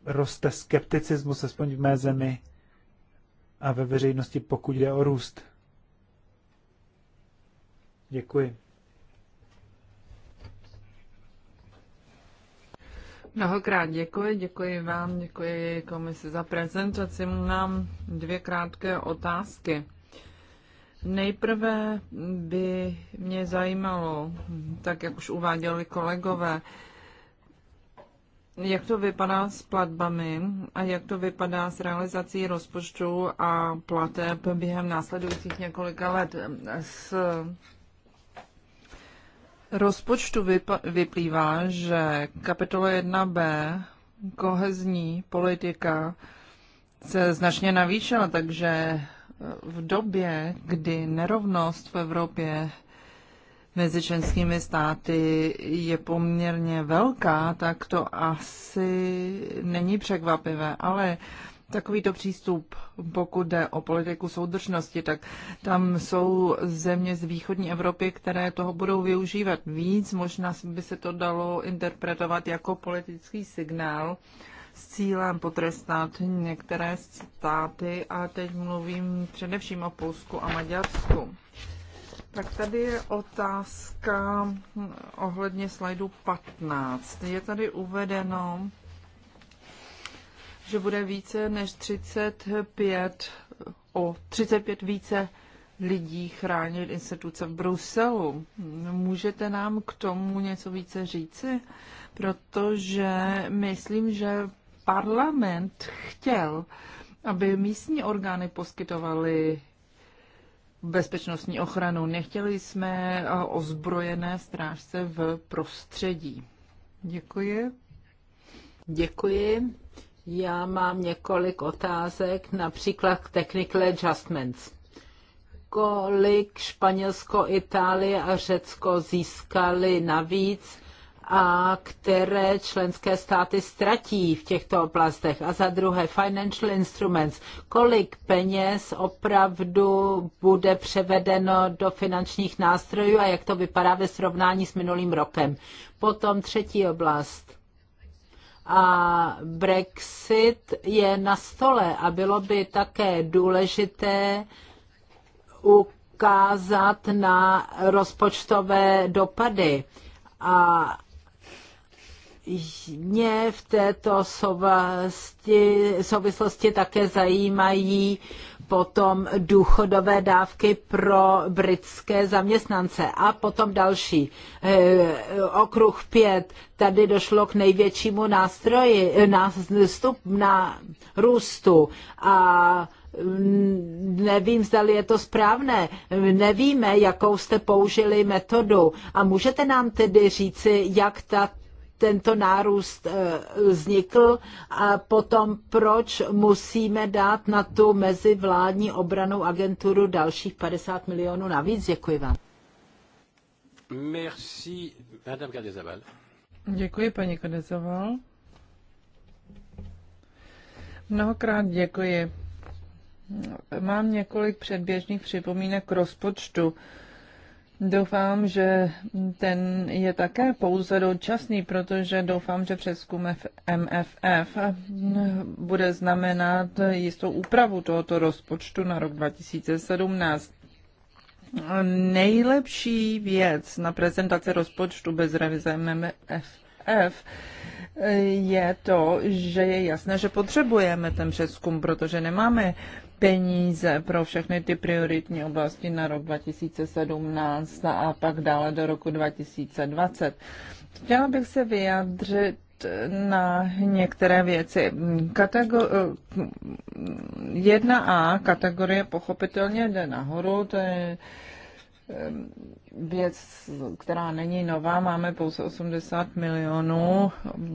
Speaker 1: roste skepticismus, aspoň v mé zemi a ve veřejnosti, pokud jde o růst. Děkuji.
Speaker 2: Mnohokrát děkuji, děkuji vám, děkuji komisi za prezentaci. Mám dvě krátké otázky. Nejprve by mě zajímalo, tak jak už uváděli kolegové, jak to vypadá s platbami a jak to vypadá s realizací rozpočtu a plateb během následujících několika let. S rozpočtu vyplývá, že kapitola 1b, kohezní politika, se značně navýšila, takže eh, v době, kdy nerovnost v Evropě mezi členskými státy je poměrně velká, tak to asi není překvapivé, ale takovýto přístup, pokud jde o politiku soudržnosti, tak tam jsou země z východní Evropy, které toho budou využívat víc. Možná by se to dalo interpretovat jako politický signál s cílem potrestat některé státy a teď mluvím především o Polsku a Maďarsku. Tak tady je otázka ohledně slajdu 15. Je tady uvedeno, že bude více než 35, o 35 více lidí chránit instituce v Bruselu. Můžete nám k tomu něco více říci? Protože myslím, že parlament chtěl, aby místní orgány poskytovaly bezpečnostní ochranu. Nechtěli jsme ozbrojené strážce v prostředí.
Speaker 3: Děkuji. Děkuji. Já mám několik otázek, například technical adjustments. Kolik Španělsko, Itálie a Řecko získali navíc a které členské státy ztratí v těchto oblastech. A za druhé, financial instruments. Kolik peněz opravdu bude převedeno do finančních nástrojů a jak to vypadá ve srovnání s minulým rokem. Potom třetí oblast a Brexit je na stole a bylo by také důležité ukázat na rozpočtové dopady. A mě v této souvislosti také zajímají potom důchodové dávky pro britské zaměstnance a potom další. Eh, okruh pět tady došlo k největšímu nástroji, eh, nástup na růstu a mm, nevím, zda je to správné. Nevíme, jakou jste použili metodu. A můžete nám tedy říci, jak ta tento nárůst eh, vznikl a potom proč musíme dát na tu mezivládní obranou agenturu dalších 50 milionů navíc? Děkuji vám.
Speaker 1: Merci, Madame Kadezabal.
Speaker 2: Děkuji, paní Kadezabal. Mnohokrát děkuji. Mám několik předběžných připomínek k rozpočtu. Doufám, že ten je také pouze dočasný, protože doufám, že přeskum MFF bude znamenat jistou úpravu tohoto rozpočtu na rok 2017. Nejlepší věc na prezentaci rozpočtu bez revize MFF je to, že je jasné, že potřebujeme ten přeskum, protože nemáme peníze pro všechny ty prioritní oblasti na rok 2017 a pak dále do roku 2020. Chtěla bych se vyjádřit na některé věci. Kategor- jedna a kategorie pochopitelně jde nahoru, to je věc, která není nová, máme pouze 80 milionů,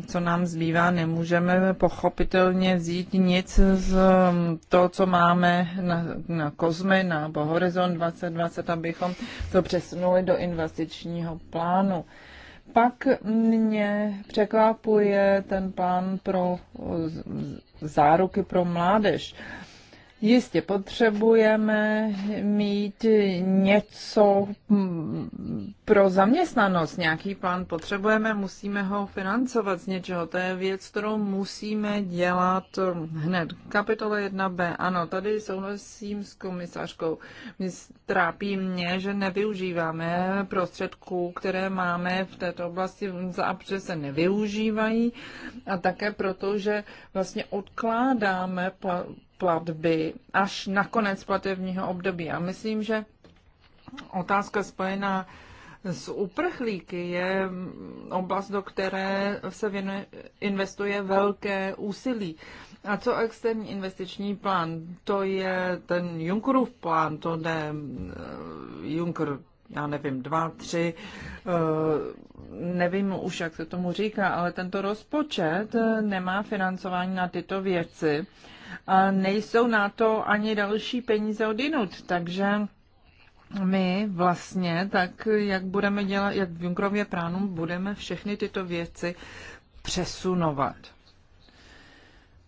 Speaker 2: co nám zbývá, nemůžeme pochopitelně vzít nic z mm, toho, co máme na, na Kozme, na Bohorizon 2020, abychom to přesunuli do investičního plánu. Pak mě překvapuje ten plán pro záruky pro mládež. Jistě potřebujeme mít něco pro zaměstnanost, nějaký plán potřebujeme, musíme ho financovat z něčeho. To je věc, kterou musíme dělat hned. Kapitola 1b. Ano, tady souhlasím s komisařkou. Mě trápí mě, že nevyužíváme prostředků, které máme v této oblasti a protože se nevyužívají a také proto, že vlastně odkládáme platby až na konec platebního období. A myslím, že otázka spojená s uprchlíky je oblast, do které se investuje velké úsilí. A co externí investiční plán? To je ten Junckerův plán, to jde eh, Juncker, já nevím, dva, tři, eh, nevím už, jak se tomu říká, ale tento rozpočet eh, nemá financování na tyto věci nejsou na to ani další peníze od jinut, takže my vlastně, tak jak budeme dělat, jak v Junkrově pránu budeme všechny tyto věci přesunovat.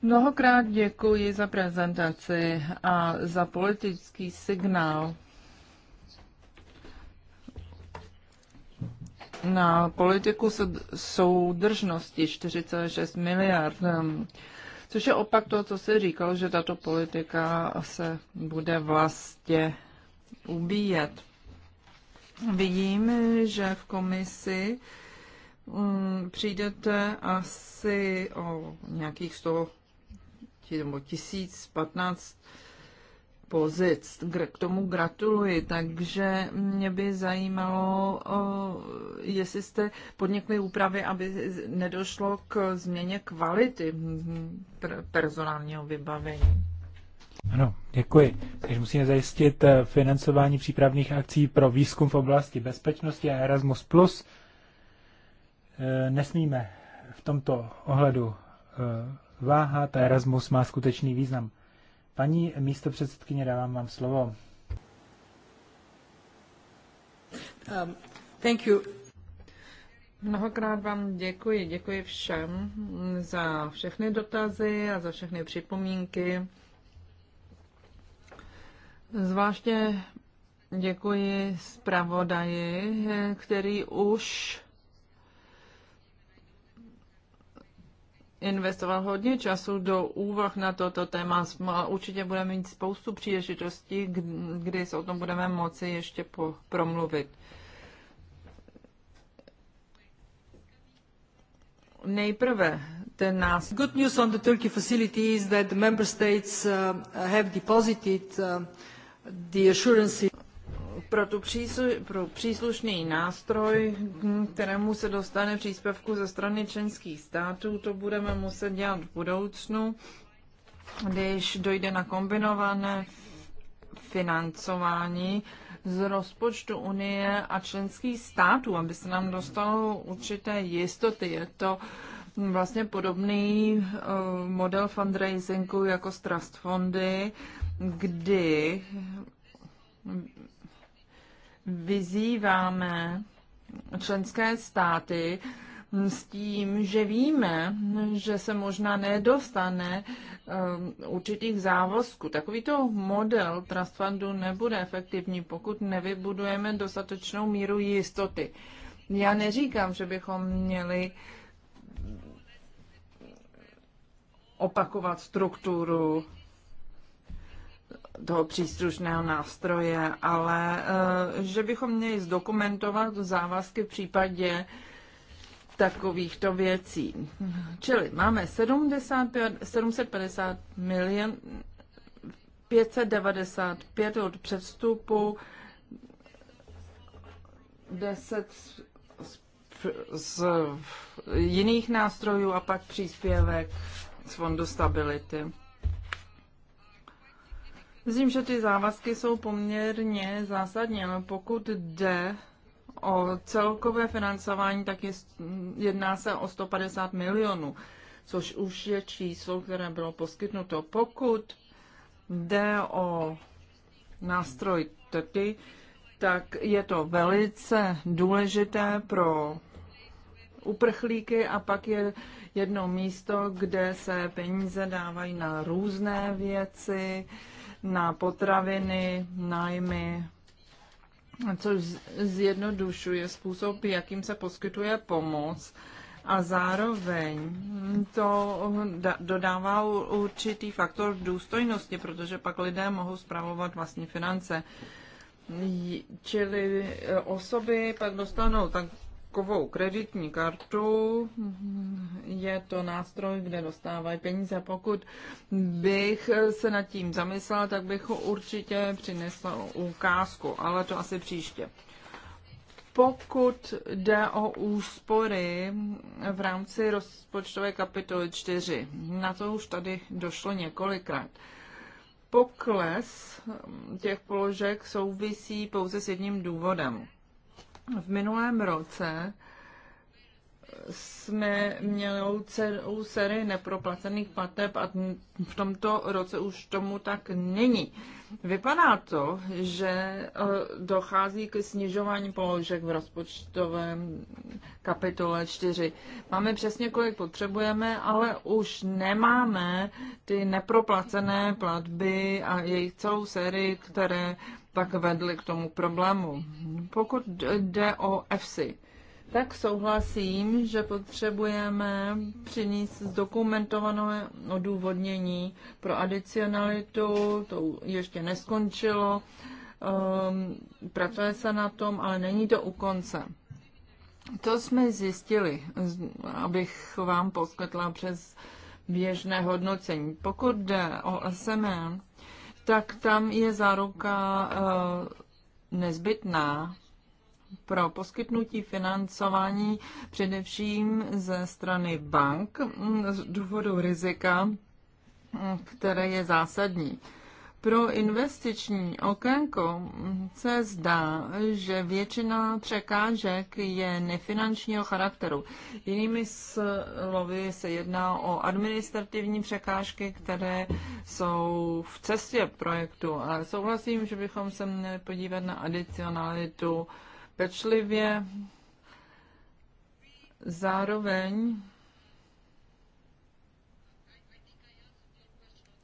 Speaker 2: Mnohokrát děkuji za prezentaci a za politický signál na politiku soudržnosti 46 miliard. Um, Což je opak toho, co se říkal, že tato politika se bude vlastně ubíjet. Vidím, že v komisi mm, přijdete asi o nějakých 100 nebo 1015 pozic. K tomu gratuluji, takže mě by zajímalo, jestli jste podnikli úpravy, aby nedošlo k změně kvality personálního vybavení.
Speaker 1: Ano, děkuji. Takže musíme zajistit eh, financování přípravných akcí pro výzkum v oblasti bezpečnosti a Erasmus+. Plus. Eh, nesmíme v tomto ohledu eh, váhat Erasmus má skutečný význam. Paní místo předsedkyně, dávám vám slovo.
Speaker 2: Um, thank you. Mnohokrát vám děkuji. Děkuji všem za všechny dotazy a za všechny připomínky. Zvláště děkuji zpravodaji, který už investoval hodně času do úvah na toto téma. Určitě budeme mít spoustu příležitostí, kdy se o tom budeme moci ještě po, promluvit. Nejprve ten nás. Good news on the Turkey facility is that the member states uh, have deposited uh, the assurances pro, tu příslu, pro příslušný nástroj, hm, kterému se dostane příspěvku ze strany členských států, to budeme muset dělat v budoucnu, když dojde na kombinované financování z rozpočtu Unie a členských států, aby se nám dostalo určité jistoty. Je to vlastně podobný eh, model fundraisingu jako strast trust fondy, kdy vyzýváme členské státy s tím, že víme, že se možná nedostane um, určitých závazků. Takovýto model Trust Fundu nebude efektivní, pokud nevybudujeme dostatečnou míru jistoty. Já neříkám, že bychom měli opakovat strukturu toho přístružného nástroje, ale eh, že bychom měli zdokumentovat závazky v případě takovýchto věcí. Čili máme 75, 750 milion 595 od předstupu, 10 z, z jiných nástrojů a pak příspěvek z Fondu stability. Myslím, že ty závazky jsou poměrně zásadní, ale pokud jde o celkové financování, tak je, jedná se o 150 milionů, což už je číslo, které bylo poskytnuto. Pokud jde o nástroj TETY, tak je to velice důležité pro uprchlíky a pak je jedno místo, kde se peníze dávají na různé věci, na potraviny, nájmy, což zjednodušuje způsob, jakým se poskytuje pomoc a zároveň to dodává určitý faktor důstojnosti, protože pak lidé mohou zpravovat vlastní finance. Čili eh, osoby pak dostanou tak bankovou kreditní kartu. Je to nástroj, kde dostávají peníze. Pokud bych se nad tím zamyslela, tak bych ho určitě přinesla ukázku, ale to asi příště. Pokud jde o úspory v rámci rozpočtové kapitoly 4, na to už tady došlo několikrát pokles těch položek souvisí pouze s jedním důvodem. V minulém roce jsme měli celou sérii neproplacených plateb a v tomto roce už tomu tak není. Vypadá to, že e, dochází k snižování položek v rozpočtovém kapitole 4. Máme přesně, kolik potřebujeme, ale už nemáme ty neproplacené platby a jejich celou sérii, které tak vedly k tomu problému. Pokud jde o EFSI, tak souhlasím, že potřebujeme přinést zdokumentované odůvodnění pro adicionalitu, to ještě neskončilo, um, pracuje se na tom, ale není to u konce. To jsme zjistili, abych vám poskytla přes běžné hodnocení. Pokud jde o SMN, e, tak tam je záruka eh, nezbytná pro poskytnutí financování především ze strany bank mm, z důvodu rizika, mm, které je zásadní. Pro investiční okénko se zdá, že většina překážek je nefinančního charakteru. Jinými slovy se jedná o administrativní překážky, které jsou v cestě projektu. A souhlasím, že bychom se měli podívat na adicionalitu pečlivě. Zároveň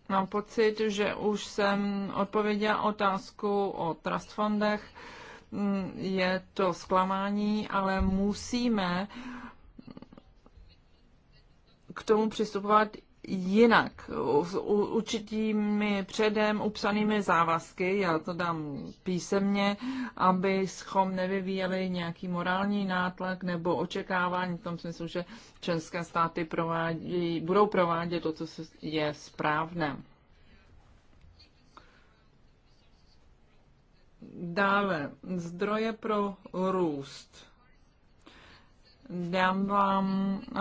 Speaker 2: Mám pocit, že už jsem odpověděla otázku o trust fundech. Mm, Je to zklamání, ale musíme k tomu přistupovat jinak, s určitými předem upsanými závazky, já to dám písemně, schom nevyvíjeli nějaký morální nátlak nebo očekávání v tom smyslu, že členské státy provádí, budou provádět to, co je správné. Dále, zdroje pro růst. Dám vám eh,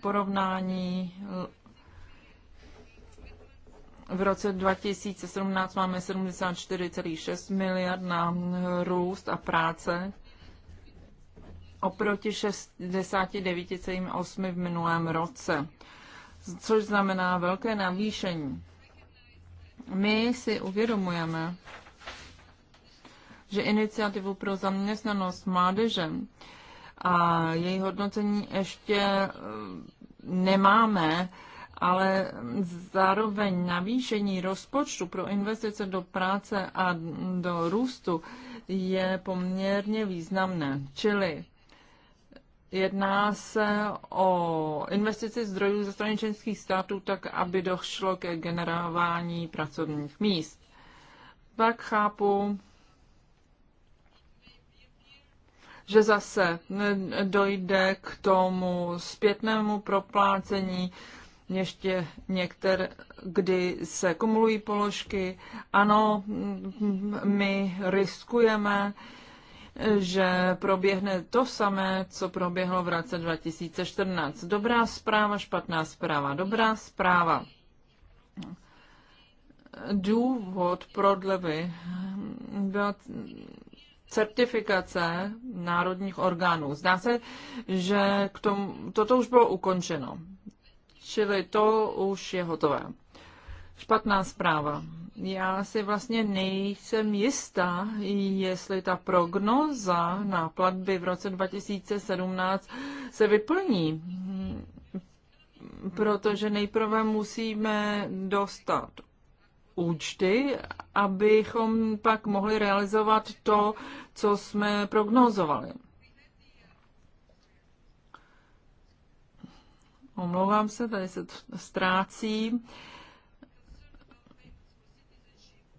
Speaker 2: porovnání v roce 2017 máme 74,6 miliard na růst a práce oproti 69,8 v minulém roce, což znamená velké navýšení. My si uvědomujeme, že iniciativu pro zaměstnanost mládeže a její hodnocení ještě eh, nemáme ale zároveň navýšení rozpočtu pro investice do práce a do růstu je poměrně významné. Čili jedná se o investici zdrojů ze strany členských států tak, aby došlo ke generování pracovních míst. Pak chápu, že zase dojde k tomu zpětnému proplácení ještě některé, kdy se kumulují položky. Ano, my riskujeme, že proběhne to samé, co proběhlo v roce 2014. Dobrá zpráva, špatná zpráva. Dobrá zpráva. Důvod prodlevy byla certifikace národních orgánů. Zdá se, že k tomu, toto už bylo ukončeno. Čili to už je hotové. Špatná zpráva. Já si vlastně nejsem jistá, jestli ta prognoza na platby v roce 2017 se vyplní, protože nejprve musíme dostat účty, abychom pak mohli realizovat to, co jsme prognozovali. Omlouvám se, tady se ztrácí.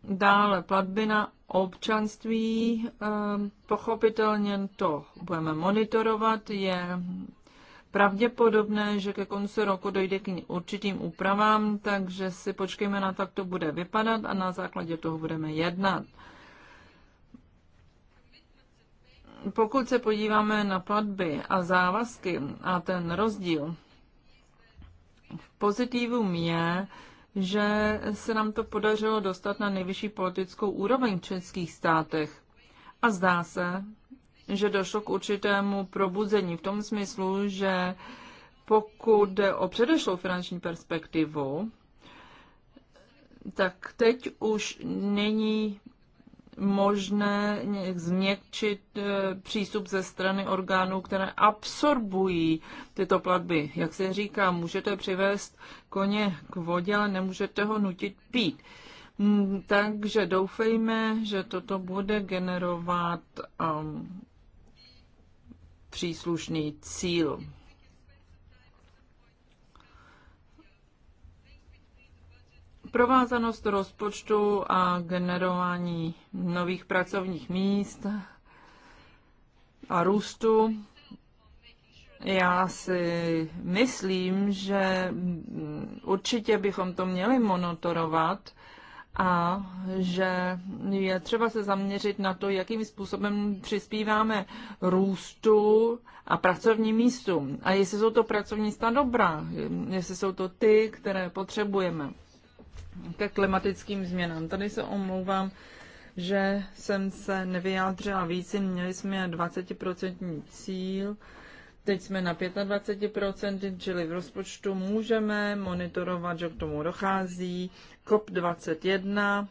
Speaker 2: Dále platby na občanství. Ehm, pochopitelně to budeme monitorovat. Je pravděpodobné, že ke konci roku dojde k určitým úpravám, takže si počkejme na to, jak to bude vypadat a na základě toho budeme jednat. Pokud se podíváme na platby a závazky a ten rozdíl, Pozitivum je, že se nám to podařilo dostat na nejvyšší politickou úroveň v českých státech. A zdá se, že došlo k určitému probuzení v tom smyslu, že pokud jde o předešlou finanční perspektivu, tak teď už není možné změkčit eh, přístup ze strany orgánů, které absorbují tyto platby. Jak se říká, můžete přivést koně k vodě, ale nemůžete ho nutit pít. Mm, takže doufejme, že toto bude generovat um, příslušný cíl. Provázanost rozpočtu a generování nových pracovních míst a růstu. Já si myslím, že určitě bychom to měli monitorovat a že je třeba se zaměřit na to, jakým způsobem přispíváme růstu a pracovním místům. A jestli jsou to pracovní místa dobrá, jestli jsou to ty, které potřebujeme ke klimatickým změnám. Tady se omlouvám, že jsem se nevyjádřila víc. Měli jsme 20% cíl, teď jsme na 25%, čili v rozpočtu můžeme monitorovat, že k tomu dochází. COP21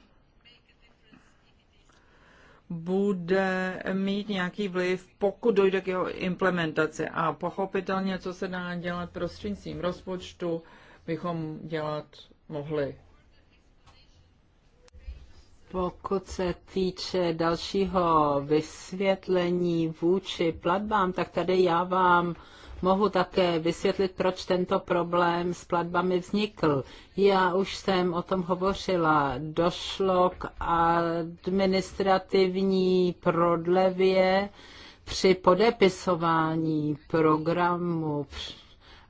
Speaker 2: bude mít nějaký vliv, pokud dojde k jeho implementaci. A pochopitelně, co se dá dělat prostřednictvím rozpočtu, bychom dělat mohli.
Speaker 3: Pokud se týče dalšího vysvětlení vůči platbám, tak tady já vám mohu také vysvětlit, proč tento problém s platbami vznikl. Já už jsem o tom hovořila. Došlo k administrativní prodlevě při podepisování programu.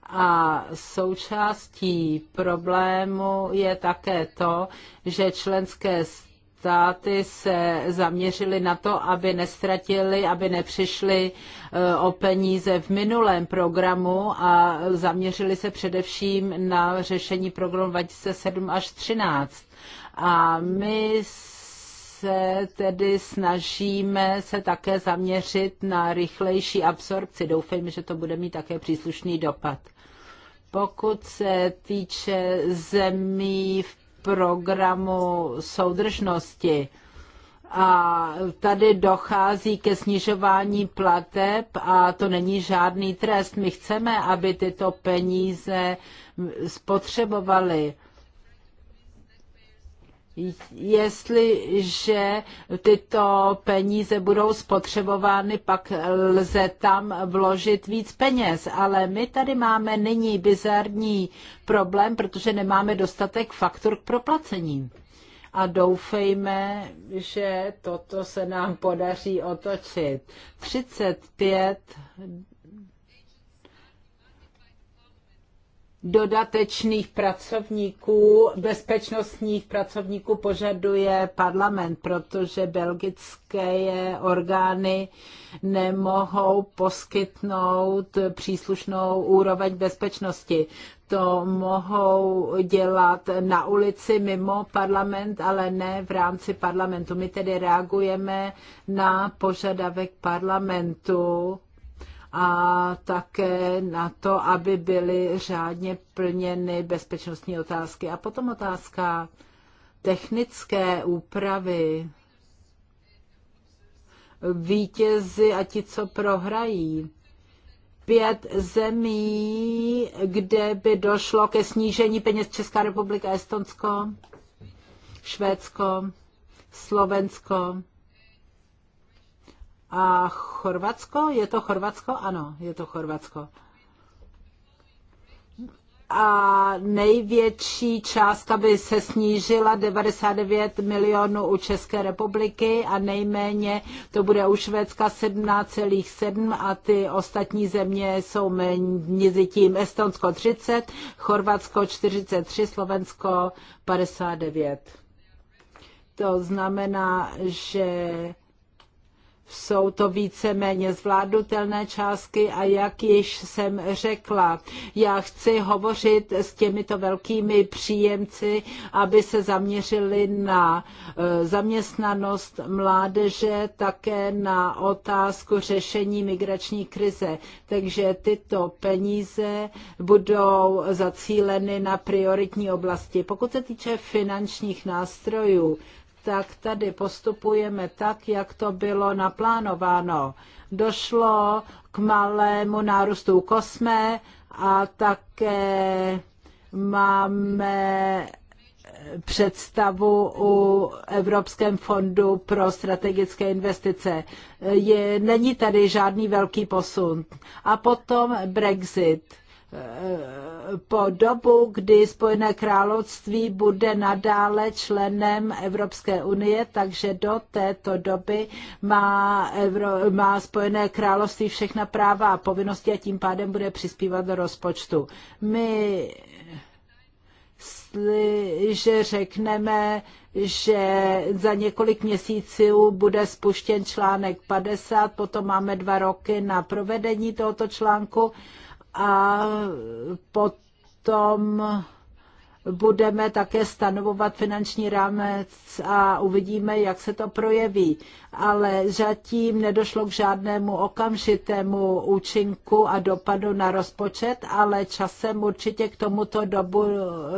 Speaker 3: A součástí problému je také to, že členské státy se zaměřily na to, aby nestratili, aby nepřišli e, o peníze v minulém programu a zaměřili se především na řešení programu 2007 až 13. A my se tedy snažíme se také zaměřit na rychlejší absorpci. Doufejme, že to bude mít také příslušný dopad. Pokud se týče zemí v programu soudržnosti. A tady dochází ke snižování plateb a to není žádný trest. My chceme, aby tyto peníze spotřebovali jestliže tyto peníze budou spotřebovány, pak lze tam vložit víc peněz. Ale my tady máme nyní bizarní problém, protože nemáme dostatek faktur k proplacení. A doufejme, že toto se nám podaří otočit. 35 dodatečných pracovníků, bezpečnostních pracovníků požaduje parlament, protože belgické orgány nemohou poskytnout příslušnou úroveň bezpečnosti. To mohou dělat na ulici mimo parlament, ale ne v rámci parlamentu. My tedy reagujeme na požadavek parlamentu a také na to, aby byly řádně plněny bezpečnostní otázky. A potom otázka technické úpravy. Vítězi a ti, co prohrají pět zemí, kde by došlo ke snížení peněz Česká republika, Estonsko, Švédsko, Slovensko a Chorvatsko? Je to Chorvatsko? Ano, je to Chorvatsko. A největší částka by se snížila 99 milionů u České republiky a nejméně to bude u Švédska 17,7 a ty ostatní země jsou mezi tím Estonsko 30, Chorvatsko 43, Slovensko 59. To znamená, že jsou to víceméně zvládnutelné částky a jak již jsem řekla, já chci hovořit s těmito velkými příjemci, aby se zaměřili na eh, zaměstnanost mládeže, také na otázku řešení migrační krize. Takže tyto peníze budou zacíleny na prioritní oblasti. Pokud se týče finančních nástrojů, tak tady postupujeme tak, jak to bylo naplánováno. Došlo k malému nárůstu kosme a také máme představu u Evropském fondu pro strategické investice. Je, není tady žádný velký posun. A potom Brexit po dobu, kdy Spojené království bude nadále členem Evropské unie, takže do této doby má, Evro, má Spojené království všechna práva a povinnosti a tím pádem bude přispívat do rozpočtu. My že řekneme, že za několik měsíců bude spuštěn článek 50, potom máme dva roky na provedení tohoto článku a potom budeme také stanovovat finanční rámec a uvidíme, jak se to projeví. Ale zatím nedošlo k žádnému okamžitému účinku a dopadu na rozpočet, ale časem určitě k tomuto dobu,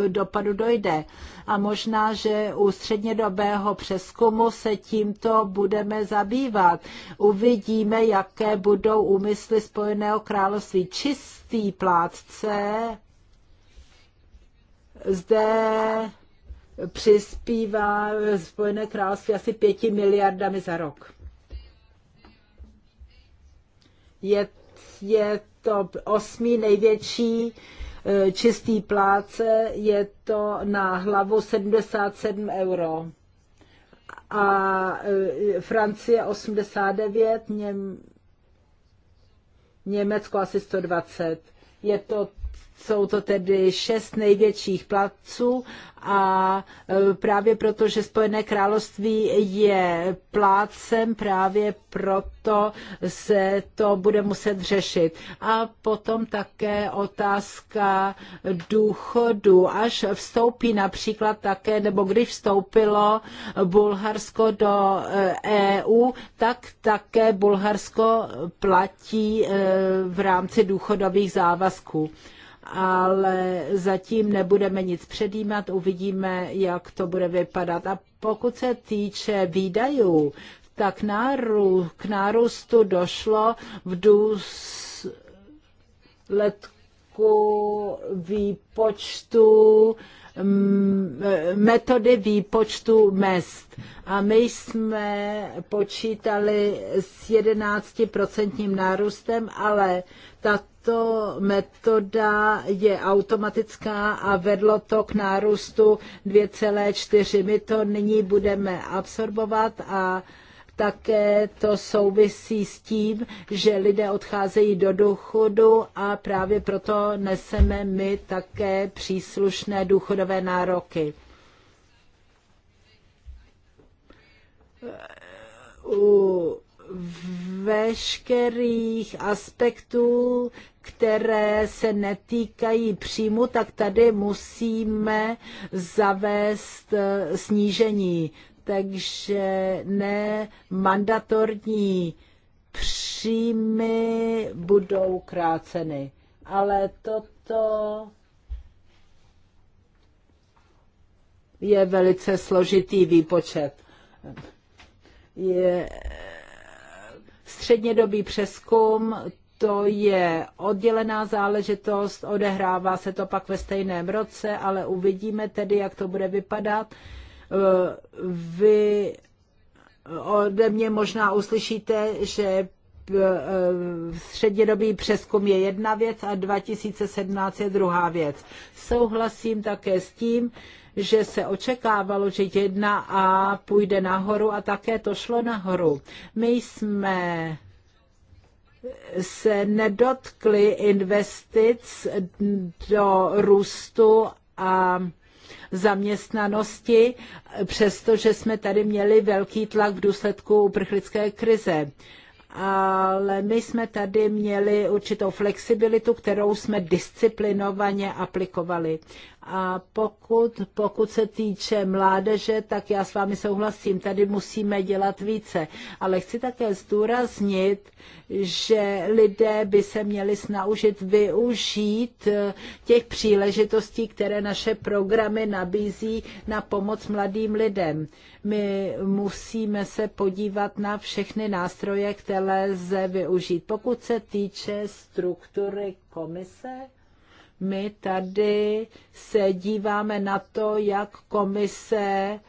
Speaker 3: dopadu dojde. A možná, že u střednědobého přeskumu se tímto budeme zabývat. Uvidíme, jaké budou úmysly Spojeného království. Čist jistý plátce zde přispívá Spojené království asi pěti miliardami za rok. Je, je to osmý největší e, čistý pláce, je to na hlavu 77 euro. A e, Francie 89, Něm, Německo asi 120. Je to, jsou to tedy šest největších placů a e, právě proto, že Spojené království je plácem, právě proto se to bude muset řešit. A potom také otázka důchodu. Až vstoupí například také, nebo když vstoupilo Bulharsko do EU, e tak také Bulharsko platí e, v rámci důchodových závazků ale zatím nebudeme nic předjímat, uvidíme, jak to bude vypadat. A pokud se týče výdajů, tak náru, k nárůstu došlo v důsledku výpočtu E, metody výpočtu mest. A my jsme počítali s 11% nárůstem, ale tato metoda je automatická a vedlo to k nárůstu 2,4. My to nyní budeme absorbovat a také to souvisí s tím, že lidé odcházejí do důchodu a právě proto neseme my také příslušné důchodové nároky. U veškerých aspektů, které se netýkají příjmu, tak tady musíme zavést eh, snížení takže ne mandatorní příjmy budou kráceny. Ale toto je velice složitý výpočet. Je střednědobý přeskum, to je oddělená záležitost, odehrává se to pak ve stejném roce, ale uvidíme tedy, jak to bude vypadat. Eh, vy ode mě možná uslyšíte, že eh, střednědobý přeskum je jedna věc a 2017 je druhá věc. Souhlasím také s tím, že se očekávalo, že jedna a půjde nahoru a také to šlo nahoru. My jsme se nedotkli investic do růstu a zaměstnanosti, přestože jsme tady měli velký tlak v důsledku uprchlické krize ale my jsme tady měli určitou flexibilitu, kterou jsme disciplinovaně aplikovali. A pokud, pokud se týče mládeže, tak já s vámi souhlasím, tady musíme dělat více. Ale chci také zdůraznit, že lidé by se měli snažit využít eh, těch příležitostí, které naše programy nabízí na pomoc mladým lidem. My musíme se podívat na všechny nástroje, které lze využít. Pokud se týče struktury komise, my tady se díváme na to, jak komise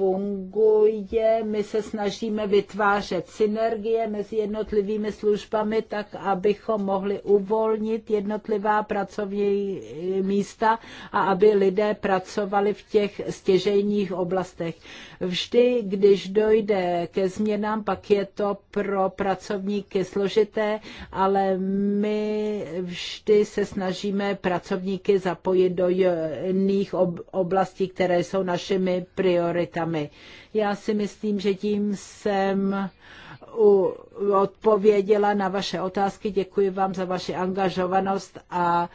Speaker 3: funguje. My se snažíme vytvářet synergie mezi jednotlivými službami, tak abychom mohli uvolnit jednotlivá pracovní místa a aby lidé pracovali v těch stěžejních oblastech. Vždy, když dojde ke změnám, pak je to pro pracovníky složité, ale my vždy se snažíme pracovníky zapojit do jiných oblastí, které jsou našimi prioritami sami. Já si myslím, že tím jsem u, odpověděla na vaše otázky. Děkuji vám za vaši angažovanost a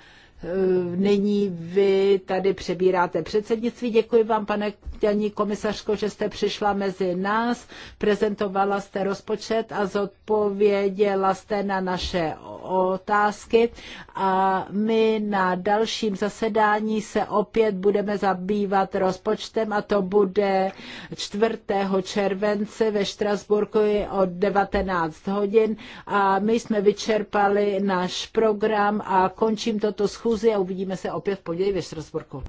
Speaker 3: Eh, nyní vy tady přebíráte předsednictví. Děkuji vám, pane paní komisařko, že jste přišla mezi nás, prezentovala jste rozpočet a zodpověděla jste na naše otázky. A my na dalším zasedání se opět budeme zabývat rozpočtem a to bude 4. července ve Štrasburku od 19 hodin. A my jsme vyčerpali náš program a končím toto schůzku diskuzi a uvidíme se opět v pondělí ve Štrasburku.